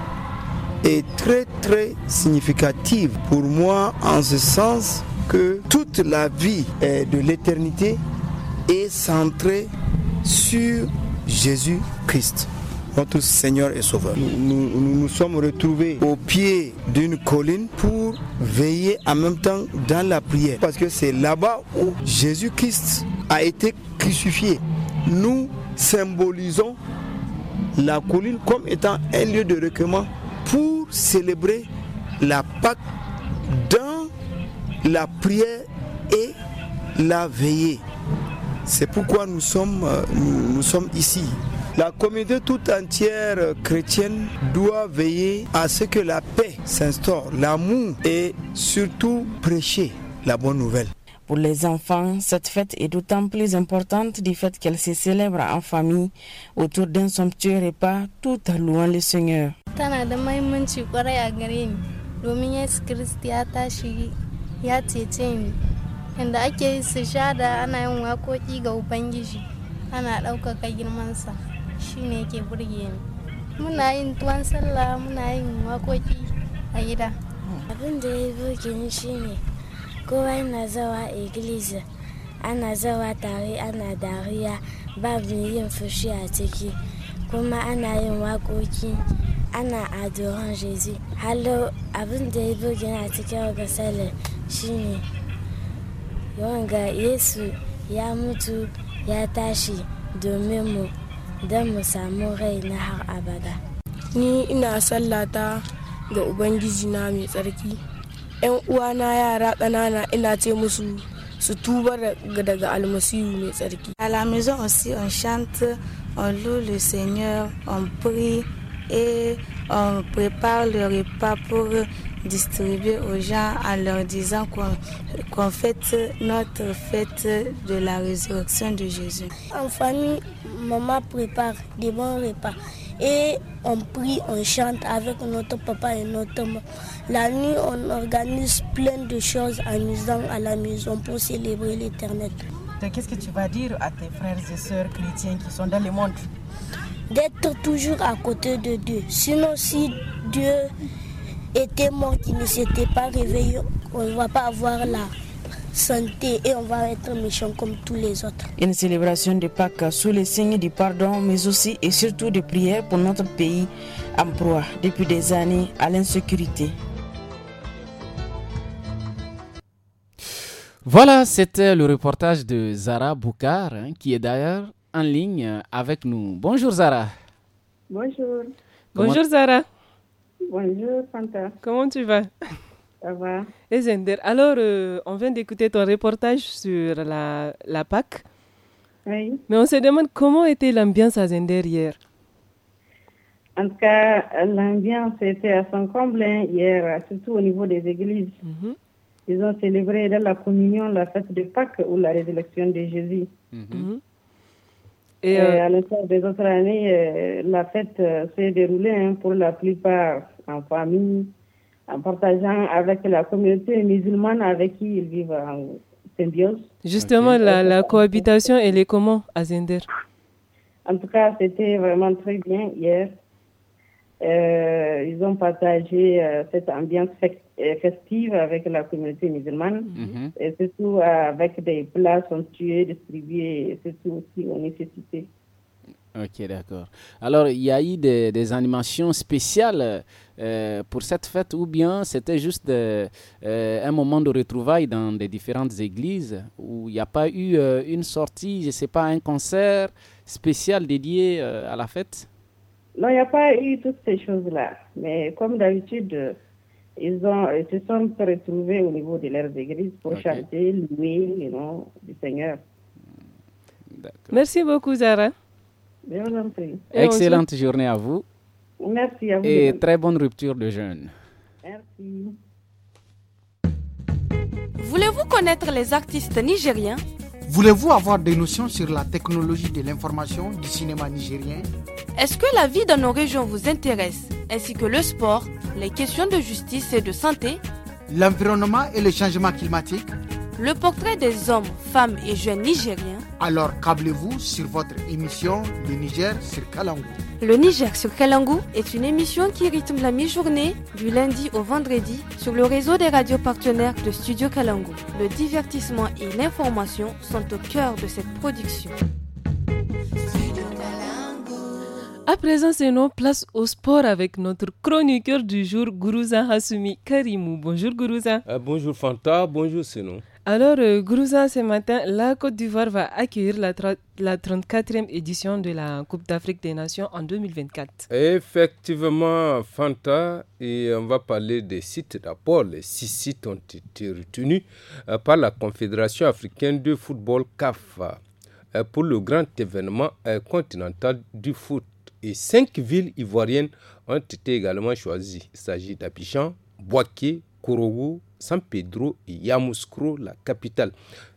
est très très significative pour moi en ce sens que toute la vie de l'éternité est centrée sur Jésus-Christ notre Seigneur et Sauveur. Nous nous, sommes retrouvés au pied d'une colline pour veiller en même temps dans la prière. Parce que c'est là-bas où Jésus-Christ a été crucifié. Nous symbolisons la colline comme étant un lieu de recueillement pour célébrer la Pâque dans la prière et la veillée. C'est pourquoi nous sommes, euh, nous sommes ici la communauté toute entière chrétienne doit veiller à ce que la paix s'instaure, l'amour et surtout prêcher la bonne nouvelle. Pour les enfants, cette fête est d'autant plus importante du fait qu'elle se célèbre en famille autour d'un somptueux repas tout en louant le Seigneur. shine yake burge ni muna yin tuwon sallah muna yin wakoki a gida abin da ya burge ni shine kowa yana zawa iglesia ana zawa tare ana dariya babu yin fushi a ciki kuma ana yin waƙoƙi ana adoron jesus hallo abin da ya burge ni a cikin waga shine wanga yesu ya mutu ya tashi domin mu don mu samu na har abada ni ina sallata ga ubangiji na mai tsarki yan uwana yara ƙanana ina ce musu su tuba daga almasihu mai tsarki a la maison aussi on chante on loue le seigneur on prie et on prépare le repas pour distribuer aux gens en leur disant qu'on qu fête notre fête de la résurrection de Jésus. En famille, maman prépare des bons repas. Et on prie, on chante avec notre papa et notre maman. La nuit, on organise plein de choses amusantes à la maison pour célébrer l'éternel. Qu'est-ce que tu vas dire à tes frères et sœurs chrétiens qui sont dans le monde D'être toujours à côté de Dieu. Sinon, si Dieu était mort, qu'il ne s'était pas réveillé, on ne va pas avoir la santé et on va être méchant comme tous les autres. Une célébration de Pâques sous les signes du pardon, mais aussi et surtout de prières pour notre pays en proie depuis des années à l'insécurité. Voilà, c'était le reportage de Zara Boukar, hein, qui est d'ailleurs en ligne avec nous. Bonjour Zara. Bonjour. Bonjour Zara. Bonjour Fanta. Comment tu vas ça Et eh, Zender, alors, euh, on vient d'écouter ton reportage sur la, la Oui. Mais on se demande comment était l'ambiance à Zender hier. En tout cas, l'ambiance était à son comble hein, hier, surtout au niveau des églises. Mhm. Ils ont célébré dans la communion la fête de Pâques ou la résurrection de Jésus. Mhm. Mhm. Et, euh, à l'instar des autres années, euh, la fête s'est déroulée hein, pour la plupart en famille, en partageant avec la communauté musulmane avec qui ils vivent en symbiose. Justement, la, cohabitation, elle est comment à Zender En tout cas, c'était vraiment très bien hier. Euh, ils ont partagé euh, cette ambiance euh, festive avec la communauté musulmane, mhm. et surtout avec des plats somptueux distribués, et surtout aussi aux nécessités. Ok, d'accord. Alors, il y a eu des, des animations spéciales euh, pour cette fête ou bien c'était juste euh, euh, un moment de retrouvailles dans des différentes églises où il n'y a pas eu une sortie, je ne sais pas, un concert spécial dédié à la fête Non, il n'y a pas eu toutes ces choses-là. Mais comme d'habitude, ils, ont, se sont retrouvés au niveau de leurs églises pour chanter, louer le nom du Seigneur. Merci beaucoup, Zara. Bien, Excellente journée à vous. Merci à vous. Et très bonne rupture de jeûne. Merci. Voulez-vous connaître les artistes nigériens Voulez-vous avoir des notions sur la technologie de l'information du cinéma nigérien Est-ce que la vie dans nos régions vous intéresse, ainsi que le sport, les questions de justice et de santé L'environnement et le changement climatique le portrait des hommes, femmes et jeunes nigériens. Alors câblez-vous sur votre émission Le Niger sur Kalangou. Le Niger sur Kalangou est une émission qui rythme la mi-journée du lundi au vendredi sur le réseau des radios partenaires de Studio Kalangou. Le divertissement et l'information sont au cœur de cette production. À présent, c'est nos place au sport avec notre chroniqueur du jour, Guruza Hasumi Karimou. Bonjour Guruza. Euh, bonjour Fanta, bonjour alors, euh, Grouza, ce matin, la Côte d'Ivoire va accueillir la, 34e édition de la Coupe d'Afrique des Nations en 2024. Effectivement, Fanta, et on va parler des sites d'abord. Les six sites ont été retenus euh, par la Confédération africaine de football CAF euh, pour le grand événement continental du foot. Et cinq villes ivoiriennes ont été également choisies. Il s'agit d'Abidjan, Boaké, Kourougou, San Pedro et Yamoussoukro, la capitale.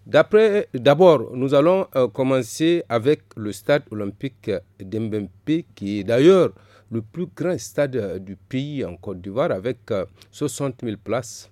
D'après, d'abord, nous allons euh, commencer avec le stade olympique d'Embempe, qui est d'ailleurs le plus grand stade euh, du pays en Côte d'Ivoire, avec 60 euh, 000 places.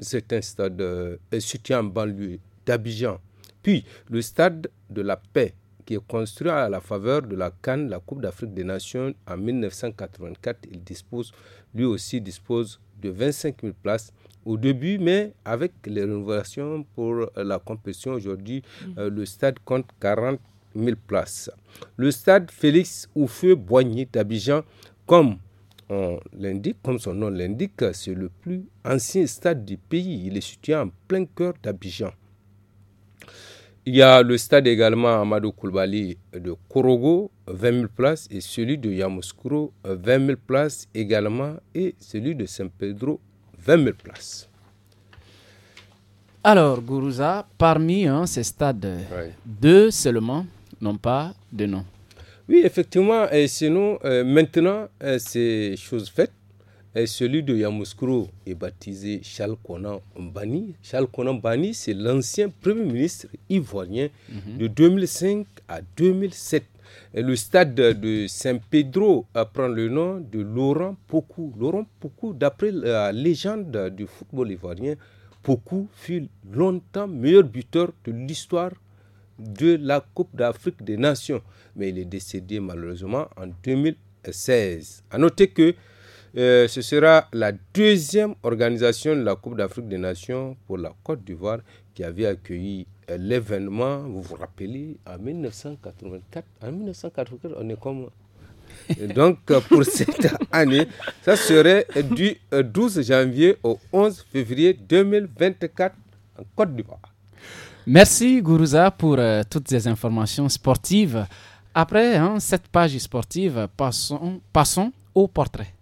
C'est un stade situé en banlieue d'Abidjan. Puis, le stade de la paix, qui est construit à la faveur de la Cannes, la Coupe d'Afrique des Nations, en 1984. Il dispose, lui aussi dispose de 25 000 places au début, mais avec les rénovations pour euh, la compétition aujourd'hui, mm. euh, le stade compte 40 000 places. Le stade Félix Oufeu Boigny d'Abidjan, comme on l'indique, comme son nom l'indique, c'est le plus ancien stade du pays. Il est situé en plein cœur d'Abidjan. Il y a le stade également Amadou Koulibaly de Korogo, 20 000 places, et celui de Yamoussoukro, 20 000 places également, et celui de Saint-Pedro, 20 000 places. Alors, Gourouza, parmi hein, ces stades, deux seulement n'ont pas de nom. Oui, effectivement, et sinon, euh, maintenant, euh, ces c'est chose faite. Et euh, celui de Yamoussoukro est baptisé Charles Conan Mbani. Charles Mbani, c'est l'ancien premier ministre ivoirien mhm. de 2005 à 2007. Le stade de saint Pedro euh, prend le nom de Laurent Pocou. Laurent Pocou, d'après euh, la légende du football ivoirien, Pocou fut longtemps meilleur buteur de l'histoire de la Coupe d'Afrique des Nations. Mais il est décédé malheureusement en 2016. A noter que euh, ce sera la deuxième organisation de la Coupe d'Afrique des Nations pour la Côte d'Ivoire qui avait accueilli euh, l'événement, vous vous rappelez, en 1984, en 1984, on est comme. donc, euh, pour cette année, ça serait du 12 euh, janvier au 11 février 2024 en Côte d'Ivoire. Merci Gourouza pour toutes ces informations sportives. Après hein, cette page sportive, passons, passons au portrait.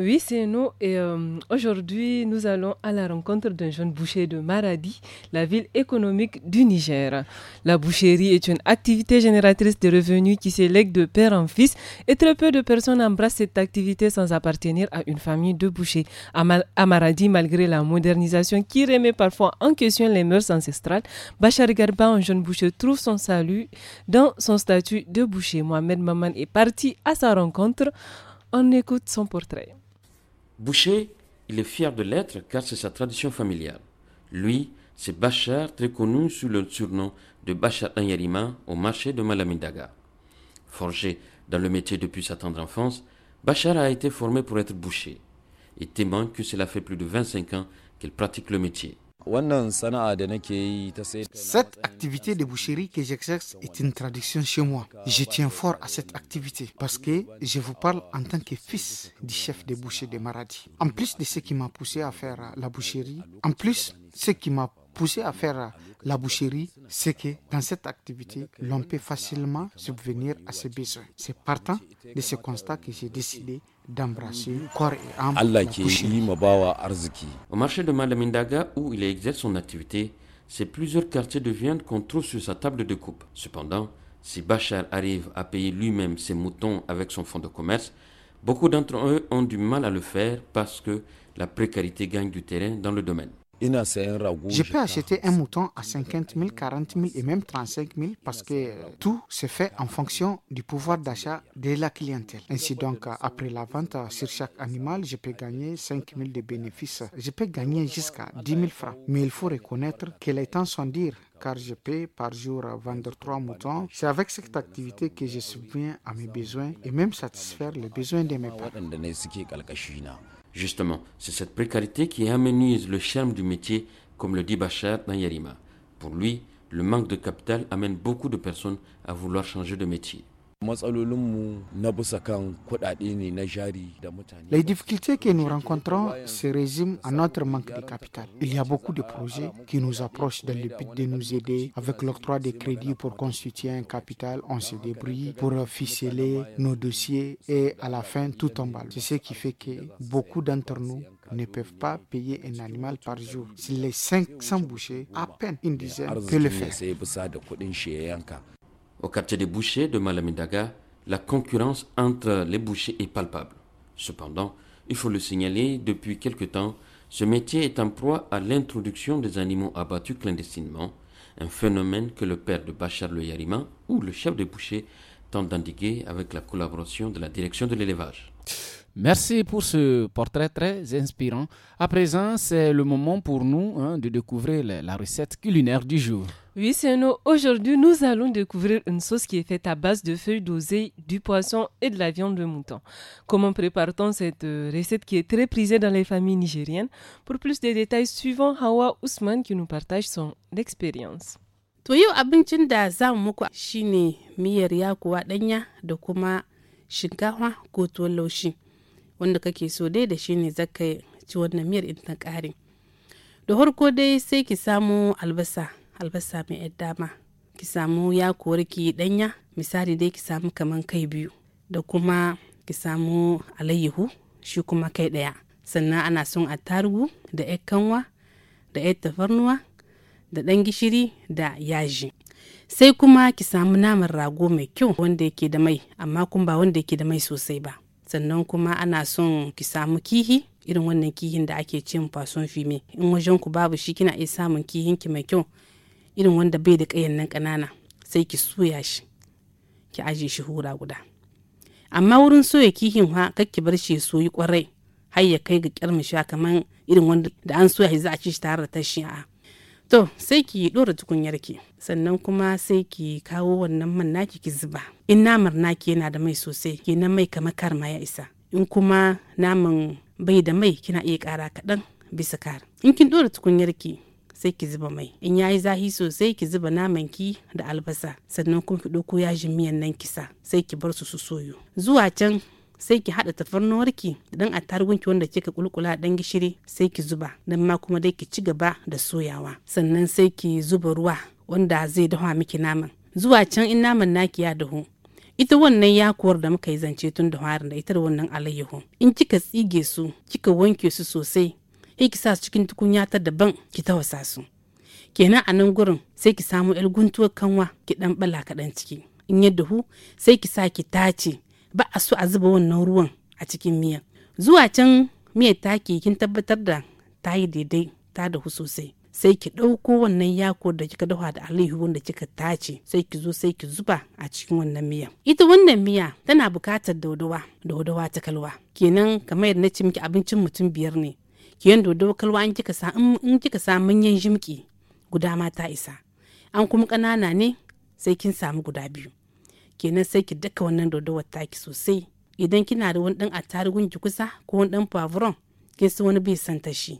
Oui, c'est nous. Et euh, aujourd'hui, nous allons à la rencontre d'un jeune boucher de Maradi, la ville économique du Niger. La boucherie est une activité génératrice de revenus qui s'élègue de père en fils et très peu de personnes embrassent cette activité sans appartenir à une famille de bouchers. À, à Maradi, malgré la modernisation qui remet parfois en question les mœurs ancestrales, Bachar Garba, un jeune boucher, trouve son salut dans son statut de boucher. Mohamed Maman est parti à sa rencontre. On écoute son portrait. Boucher, il est fier de l'être car c'est sa tradition familiale. Lui, c'est Bachar, très connu sous le surnom de Bachar Anyarima, au marché de Malamindaga. Forgé dans le métier depuis sa tendre enfance, Bachar a été formé pour être boucher et témoigne que cela fait plus de 25 ans qu'il pratique le métier. Cette activité de boucherie que j'exerce est une tradition chez moi. Je tiens fort à cette activité parce que je vous parle en tant que fils du chef de bouchers de Maradi. En plus de ce qui m'a poussé à faire la boucherie, en plus ce qui m'a poussé à faire la boucherie, c'est que dans cette activité, l'on peut facilement subvenir à ses besoins. C'est partant de ce constat que j'ai décidé au marché de Malamindaga, où il exerce son activité, c'est plusieurs quartiers de viande qu'on trouve sur sa table de coupe. Cependant, si Bachar arrive à payer lui-même ses moutons avec son fonds de commerce, beaucoup d'entre eux ont du mal à le faire parce que la précarité gagne du terrain dans le domaine. Je peux acheter un mouton à 50 000, 40 000 et même 35 000 parce que tout se fait en fonction du pouvoir d'achat de la clientèle. Ainsi donc, après la vente sur chaque animal, je peux gagner 5 000 de bénéfices. Je peux gagner jusqu'à 10 000 francs. Mais il faut reconnaître que les temps sont durs car je peux par jour vendre trois moutons. C'est avec cette activité que je subviens à mes besoins et même satisfaire les besoins de mes parents. Justement, c'est cette précarité qui amenuise le charme du métier, comme le dit Bachar dans Yarima. Pour lui, le manque de capital amène beaucoup de personnes à vouloir changer de métier. Les difficultés que nous rencontrons se résument à notre manque de capital. Il y a beaucoup de projets qui nous approchent dans le but de nous aider avec l'octroi des crédits pour constituer un capital. On se débrouille pour ficeler nos dossiers et à la fin tout tombe à C'est ce qui fait que beaucoup d'entre nous ne peuvent pas payer un animal par jour. Si les 500 bouchers, à peine une dizaine peut le faire. Au quartier des bouchers de Malamindaga, la concurrence entre les bouchers est palpable. Cependant, il faut le signaler, depuis quelque temps, ce métier est en proie à l'introduction des animaux abattus clandestinement, un phénomène que le père de Bachar le Yarima ou le chef des bouchers tente d'indiquer avec la collaboration de la direction de l'élevage. Merci pour ce portrait très inspirant. À présent, c'est le moment pour nous hein, de découvrir la, recette culinaire du jour. Oui, c'est nous. Aujourd'hui, nous allons découvrir une sauce qui est faite à base de feuilles d'oseille, du poisson et de la viande de mouton. Comment prépare-t-on cette euh, recette qui est très prisée dans les familles nigériennes Pour plus de détails, suivons Hawa Ousmane qui nous partage son expérience. wanda kake so dai da shi ne zaka ci wannan miyar in ta ƙare da farko dai sai ki samu albasa albasa mai yar dama ki samu ya ki danya misali dai ki samu kaman kai biyu da kuma ki samu alayyahu shi kuma kai ɗaya sannan ana son attarugu da yar kanwa da yar tafarnuwa da ɗan gishiri da yaji sai kuma ki samu naman rago mai kyau wanda yake da mai amma kuma ba wanda yake da mai sosai ba sannan kuma ana son ki samu kihi irin wannan kihin da ake cin fason fime in wajen ku babu shi kina iya samun kihin ki mai kyau irin wanda bai da kayan nan kanana sai ki soya shi ki aje shi hura guda amma wurin soya kihin ha kar ki bar shi soyi kwarai har ya kai ga kyarmisha kamar irin wanda da an soya shi za a ci shi tare da tashi a'a to sai ki dora tukunyarki sannan kuma sai ki kawo wannan man naki ki zuba in namar naki yana da mai sosai kenan mai kamar karma ya isa in kuma naman bai da mai kina iya kara kaɗan bisa kar in kin dora tukunyarki sai ki zuba mai in yayi zahi sosai ki zuba naman ki da albasa sannan kuma ki ɗauko yajin miyan nan kisa sai ki bar su su soyu zuwa can sai ki haɗa ki, da ɗan attarugunki wanda kika kulkula dan gishiri sai ki zuba dan ma kuma dai ki ci gaba da soyawa sannan sai ki zuba ruwa wanda zai dafa miki naman zuwa can in naman naki ya dahu ita wannan yakuwar da muka yi zance tun da harin da ita da wannan alayyahu in kika tsige su kika wanke su sosai sai ki sa su cikin tukunya ta daban ki tawasa su kenan a nan gurin sai ki samu yar kanwa ki dan bala kaɗan ciki in ya dahu sai ki sa ki tace ba a so a zuba wannan ruwan a cikin miya zuwa can miyar taki kin tabbatar da ta yi daidai ta dahu sosai sai ki ɗauko wannan yako da kika dafa da alaihu wanda kika tace sai ki zo sai ki zuba a cikin wannan miya ita wannan miya tana buƙatar daudawa daudawa ta kalwa kenan kamar yadda na ci miki abincin mutum biyar ne kiyan daudawa kalwa in kika sa in kika sa manyan jimki guda ma ta isa an kuma ƙanana ne sai kin samu guda biyu kenan sai ki daka wannan dodowar taki sosai idan kina da wani dan attarugun ki kusa ko wani dan pavron kin san wani bai ta shi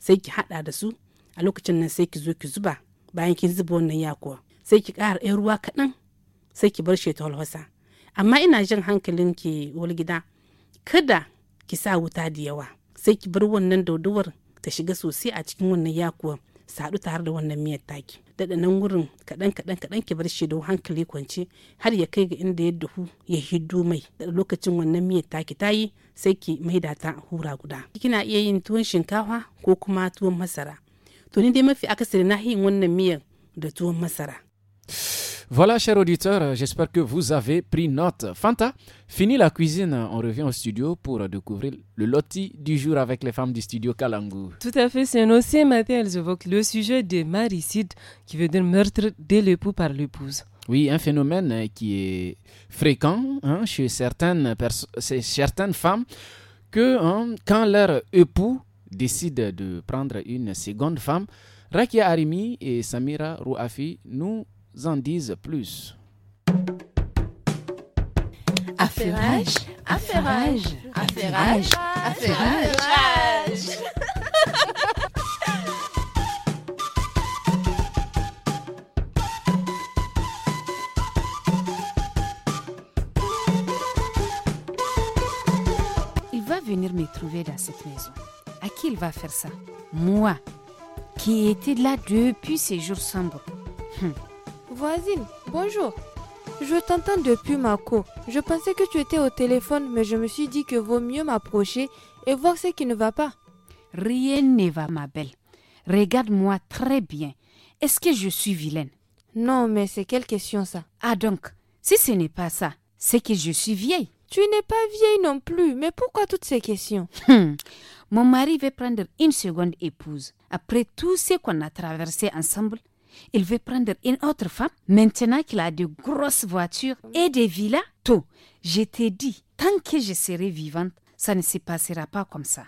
sai ki hada da su a lokacin nan sai ki zo ki zuba bayan kin zuba wannan yakuwa sai ki kara ɗan ruwa kaɗan sai ki bar shi ta walwasa amma ina jin hankalin ki gida kada ki sa wuta da yawa sai ki bar wannan daudawar ta shiga sosai a cikin wannan yakuwa haɗu tare da wannan miyar taki daɗa nan wurin kaɗan kaɗan kaɗan ki bar shi da hankali kwance har ya kai ga inda ya hu ya hiddu mai daɗa lokacin wannan miyar taki ta yi sai ki mai da ta hura guda kina iya yin tuwon shinkafa ko kuma tuwon masara to ni dai mafi akasari na yin wannan miyar da tuwon masara Voilà, chers auditeurs, euh, j'espère que vous avez pris note. Fanta, fini la cuisine, on revient au studio pour découvrir le loti du jour avec les femmes du studio Kalangu. Tout à fait, c'est un aussi matin, elles évoquent le sujet des maricides, qui veut dire meurtre de l'époux par l'épouse. Oui, un phénomène euh, qui est fréquent hein, chez, certaines femmes que hein, quand leur époux décide de prendre une seconde femme, Rakia Arimi et Samira Rouafi nous en disent plus. Affairage, affairage, affairage, Il va venir me trouver dans cette maison. À qui il va faire ça Moi, qui étais là depuis ces jours sombres. Hum. Voisine, bonjour. Je t'entends depuis ma cour. Je pensais que tu étais au téléphone, mais je me suis dit que vaut mieux m'approcher et voir ce qui ne va pas. Rien ne va, ma belle. Regarde-moi très bien. Est-ce que je suis vilaine Non, mais c'est quelle question ça Ah donc, si ce n'est pas ça, c'est que je suis vieille. Tu n'es pas vieille non plus, mais pourquoi toutes ces questions hum. Mon mari veut prendre une seconde épouse. Après tout ce qu'on a traversé ensemble, il veut prendre une autre femme. Maintenant qu'il a de grosses voitures et des villas, tout je t'ai dit, tant que je serai vivante, ça ne se passera pas comme ça.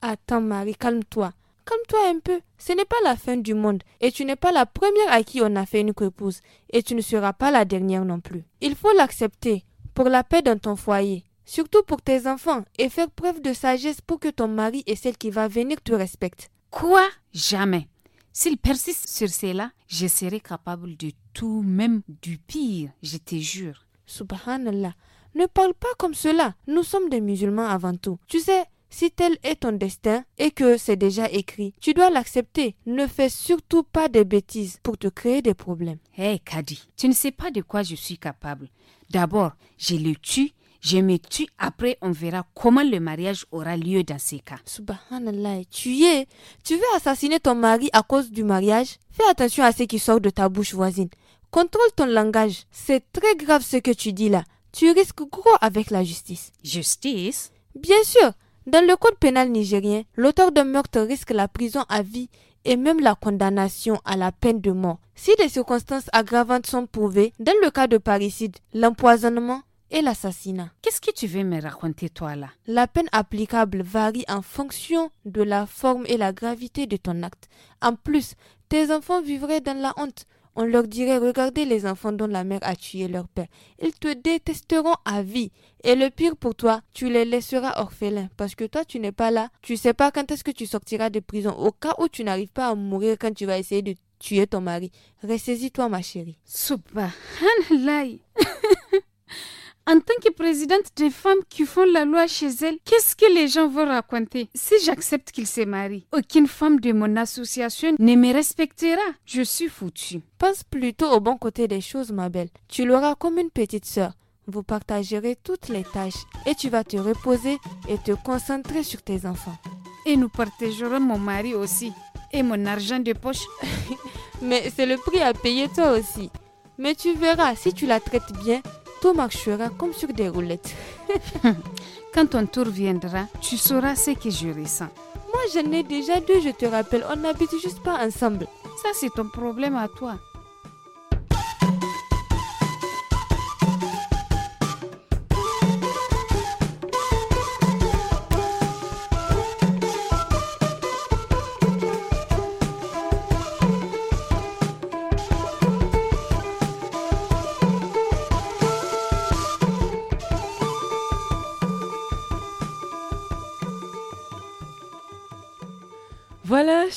Attends, Marie, calme-toi. Calme-toi un peu. Ce n'est pas la fin du monde et tu n'es pas la première à qui on a fait une épouse et tu ne seras pas la dernière non plus. Il faut l'accepter pour la paix dans ton foyer, surtout pour tes enfants et faire preuve de sagesse pour que ton mari et celle qui va venir te respectent. Quoi Jamais. S'il persiste sur cela, je serai capable de tout, même du pire, je te jure. Subhanallah, ne parle pas comme cela. Nous sommes des musulmans avant tout. Tu sais, si tel est ton destin et que c'est déjà écrit, tu dois l'accepter. Ne fais surtout pas des bêtises pour te créer des problèmes. Hé, hey, Kadi, tu ne sais pas de quoi je suis capable. D'abord, je le tue je me tue. Après, on verra comment le mariage aura lieu dans ces cas. Subhanallah, tu es. Tu veux assassiner ton mari à cause du mariage Fais attention à ce qui sort de ta bouche voisine. Contrôle ton langage. C'est très grave ce que tu dis là. Tu risques gros avec la justice. Justice Bien sûr. Dans le code pénal nigérien, l'auteur de meurtre risque la prison à vie et même la condamnation à la peine de mort. Si des circonstances aggravantes sont prouvées, dans le cas de parricide, l'empoisonnement, et l'assassinat. Qu'est-ce que tu veux me raconter toi là La peine applicable varie en fonction de la forme et la gravité de ton acte. En plus, tes enfants vivraient dans la honte. On leur dirait regardez les enfants dont la mère a tué leur père. Ils te détesteront à vie. Et le pire pour toi, tu les laisseras orphelins parce que toi tu n'es pas là. Tu sais pas quand est-ce que tu sortiras de prison au cas où tu n'arrives pas à mourir quand tu vas essayer de tuer ton mari. Ressaisis-toi ma chérie. super en tant que présidente des femmes qui font la loi chez elles, qu'est-ce que les gens vont raconter Si j'accepte qu'ils se marient, aucune femme de mon association ne me respectera. Je suis foutue. Pense plutôt au bon côté des choses, ma belle. Tu l'auras comme une petite sœur. Vous partagerez toutes les tâches et tu vas te reposer et te concentrer sur tes enfants. Et nous partagerons mon mari aussi et mon argent de poche. Mais c'est le prix à payer toi aussi. Mais tu verras, si tu la traites bien, tout marchera comme sur des roulettes. Quand ton tour viendra, tu sauras ce que je ressens. Moi, j'en ai déjà deux, je te rappelle. On n'habite juste pas ensemble. Ça, c'est ton problème à toi.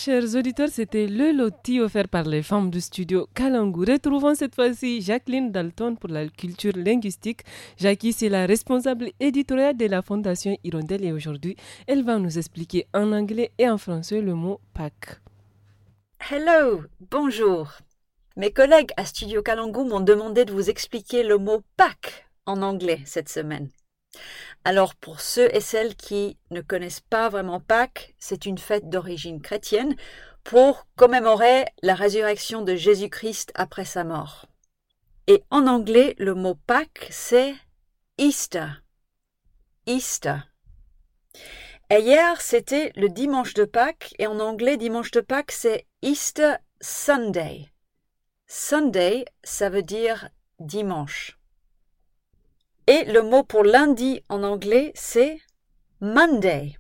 chers auditeurs, c'était le loti offert par les femmes du studio Kalangu. Retrouvons cette fois-ci Jacqueline Dalton pour la culture linguistique. Jacqueline, c'est la responsable éditoriale de la Fondation Hirondelle et aujourd'hui, elle va nous expliquer en anglais et en français le mot Pâques. Hello, bonjour. Mes collègues à Studio Kalangu m'ont demandé de vous expliquer le mot Pâques en anglais cette semaine. Alors pour ceux et celles qui ne connaissent pas vraiment Pâques, c'est une fête d'origine chrétienne pour commémorer la résurrection de Jésus-Christ après sa mort. Et en anglais, le mot Pâques, c'est Easter. Easter. Et hier, c'était le dimanche de Pâques, et en anglais, dimanche de Pâques, c'est Easter Sunday. Sunday, ça veut dire dimanche. Et le mot pour lundi en anglais, c'est Monday.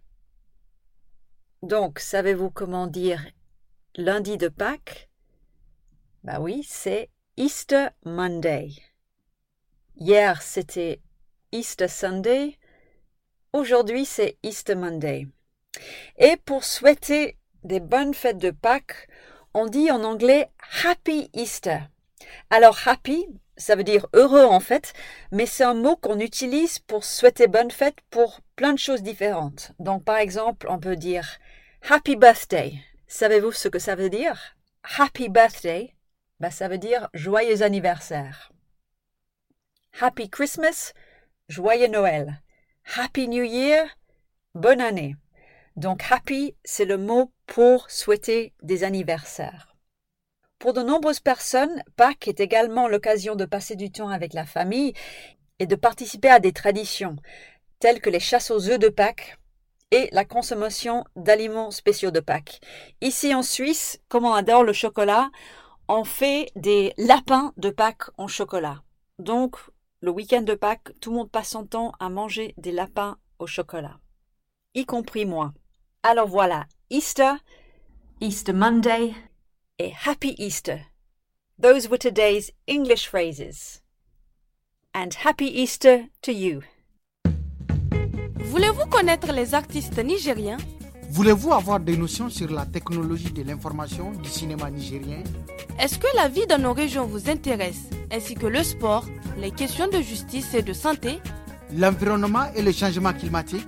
Donc, savez-vous comment dire lundi de Pâques Bah oui, c'est Easter Monday. Hier, c'était Easter Sunday. Aujourd'hui, c'est Easter Monday. Et pour souhaiter des bonnes fêtes de Pâques, on dit en anglais Happy Easter. Alors, happy, ça veut dire heureux en fait, mais c'est un mot qu'on utilise pour souhaiter bonne fête pour plein de choses différentes. Donc par exemple, on peut dire Happy Birthday. Savez-vous ce que ça veut dire Happy Birthday, bah, ça veut dire joyeux anniversaire. Happy Christmas, joyeux Noël. Happy New Year, bonne année. Donc happy, c'est le mot pour souhaiter des anniversaires. Pour de nombreuses personnes, Pâques est également l'occasion de passer du temps avec la famille et de participer à des traditions, telles que les chasses aux œufs de Pâques et la consommation d'aliments spéciaux de Pâques. Ici en Suisse, comme on adore le chocolat, on fait des lapins de Pâques en chocolat. Donc, le week-end de Pâques, tout le monde passe son temps à manger des lapins au chocolat, y compris moi. Alors voilà, Easter, Easter Monday, a Happy Easter. Those were today's English phrases. And Happy Easter to you. Voulez-vous connaître les artistes nigériens Voulez-vous avoir des notions sur la technologie de l'information du cinéma nigérien Est-ce que la vie dans nos régions vous intéresse, ainsi que le sport, les questions de justice et de santé L'environnement et le changement climatique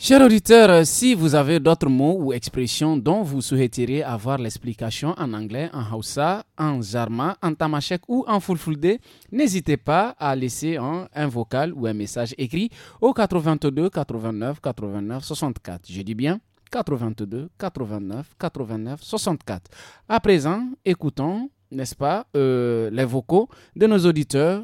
Chers auditeurs, si vous avez d'autres mots ou expressions dont vous souhaiteriez avoir l'explication en anglais, en Hausa, en Jarma, en Tamashek ou en Fulfulde, n'hésitez pas à laisser un, vocal ou un message écrit au 82 89 89 64. Je dis bien 82 89 89 64. À présent, écoutons, n'est-ce pas, euh, les vocaux de nos auditeurs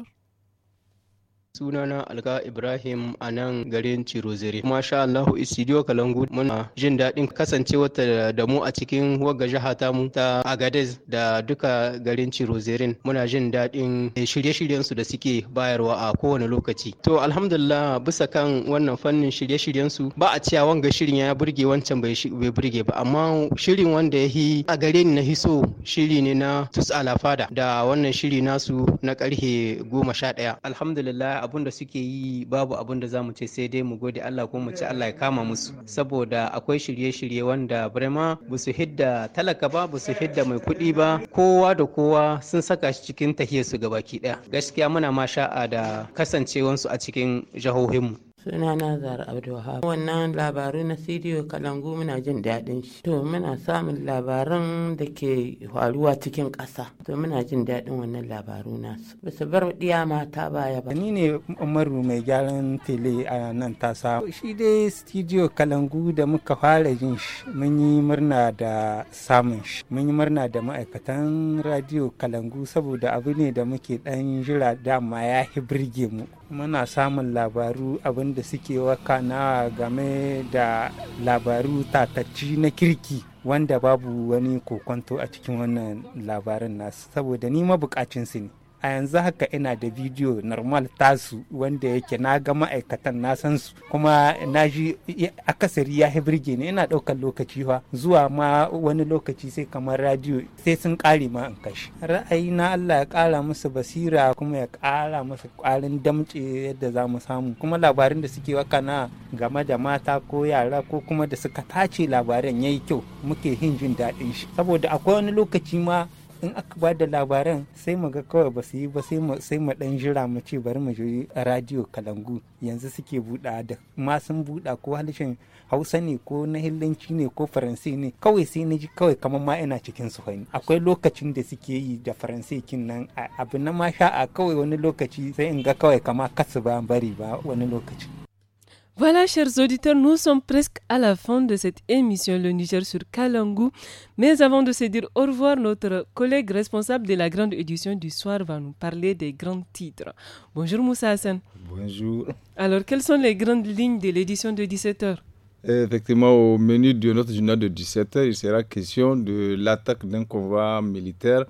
sunana alka ibrahim a nan garin cirozere masha allahu istidiyo kalangu muna jin daɗin kasancewa da mu a cikin wagga jiha ta mu ta agadez da duka garin cirozerin muna jin daɗin shirye-shiryen su da suke bayarwa a kowane lokaci to alhamdulillah bisa kan wannan fannin shirye-shiryen su ba a cewa wanga shirin ya burge wancan bai burge ba amma shirin wanda ya yi a gare ni na hiso shiri ne na tus alafada da wannan shiri nasu na karhe goma sha ɗaya alhamdulillah Abin da suke yi babu abun da zamu ce sai dai mu gode Allah ko mu ci Allah ya kama musu saboda akwai shirye-shirye wanda Brema ba su hidda talaka ba ba su hidda mai kuɗi ba kowa da kowa sun saka shi cikin tahiyar su gabaki ɗaya gaskiya muna ma sha'a da kasancewansu a cikin jahohinmu. suna na zara abdulwahab wannan labaru na sidiyo kalangu muna jin daɗin shi to muna samun labaran da ke faruwa cikin ƙasa to muna jin daɗin wannan labaru nasu ba su bar ɗiya mata baya ba ni ne umaru mai gyaran tele a nan ta tasa shi dai studio kalangu da muka fara jin shi mun yi murna da samun shi mun yi murna da ma'aikatan radio kalangu saboda abu ne da muke ɗan jira dama ya hi birge mu muna samun labaru abinda suke wakana game da labaru tatacci na kirki wanda babu wani kokonto a cikin wannan labarin nasu saboda ni mabukacin ne a yanzu haka ina da bidiyo normal tasu wanda yake na ga ma'aikatan na san su kuma na ji akasari ya birge ni ina ɗaukar lokaci fa zuwa ma wani lokaci sai kamar radio sai sun ƙare ma in kashi ra'ayi na Allah ya ƙara musu basira kuma ya kara musu kwarin damce yadda za mu samu kuma labarin da suke waka na game da mata ko yara ko kuma da suka tace labaran yayi kyau muke hin jin daɗin shi saboda akwai wani lokaci ma in aka ba da labaran sai mu ga kawai ba su yi ba sai mu dan jira mu ce bari mu ji radio kalangu yanzu suke buɗa da ma sun buɗa ko halishin hausa ne ko na hillanci ne ko faransi ne kawai sai na ji kawai kamar ma ina cikin su akwai lokacin da suke yi da faransi kin nan abu na ma sha'a kawai wani lokaci sai in ga kawai kama kasu ba bari ba wani lokaci Voilà, chers auditeurs, nous sommes presque à la fin de cette émission Le Niger sur Kalangu. Mais avant de se dire au revoir, notre collègue responsable de la grande édition du soir va nous parler des grands titres. Bonjour Moussa Hassan. Bonjour. Alors, quelles sont les grandes lignes de l'édition de 17h Effectivement, au menu de notre journal de 17h, il sera question de l'attaque d'un convoi militaire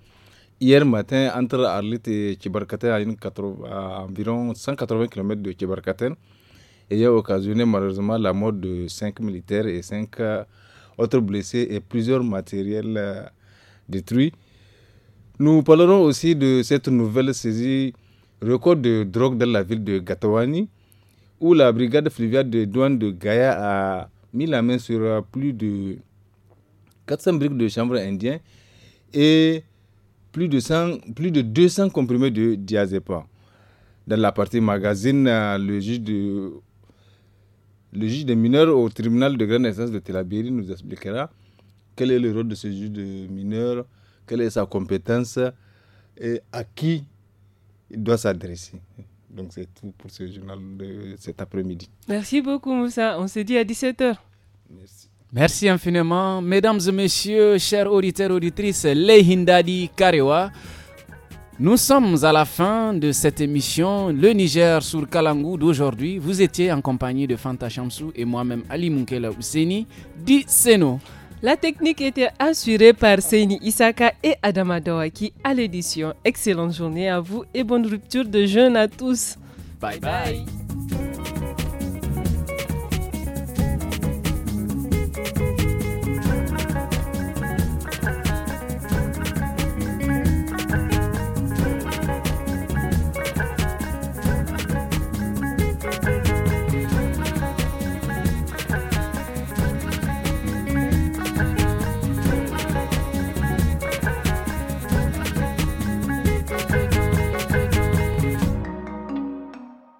hier matin entre Arlit et Tchibarkaten à, environ 180 km de Tchibarkaten ayant occasionné malheureusement la mort de 5 militaires et 5 euh, autres blessés et plusieurs matériels euh, détruits. Nous parlerons aussi de cette nouvelle saisie record de drogue dans la ville de Gatawani, où la brigade fluviale de douane de Gaïa a mis la main sur euh, plus de 400 briques de chambre indien et plus de, plus de 200 comprimés de diazépam. Dans la partie magazine, le juge de le juge des mineurs au tribunal de grande instance de Telabiri nous expliquera quel est le rôle de ce juge des mineurs, quelle est sa compétence et à qui il doit s'adresser. Donc c'est tout pour ce journal de cet après-midi. Merci beaucoup Moussa. On se dit à 17h. Merci. Merci infiniment. Mesdames et messieurs, chers auditeurs, auditrices, les Hindadi Karewa. Nous sommes à la fin de cette émission Le Niger sur Kalangu d'aujourd'hui. Vous étiez en compagnie de Fanta Chamsou et moi-même Ali Moukela Ouseni, dit Seno. La technique était assurée par Seni Isaka et Adama Dawaki à l'édition. Excellente journée à vous et bonne rupture de jeûne à tous. bye. bye.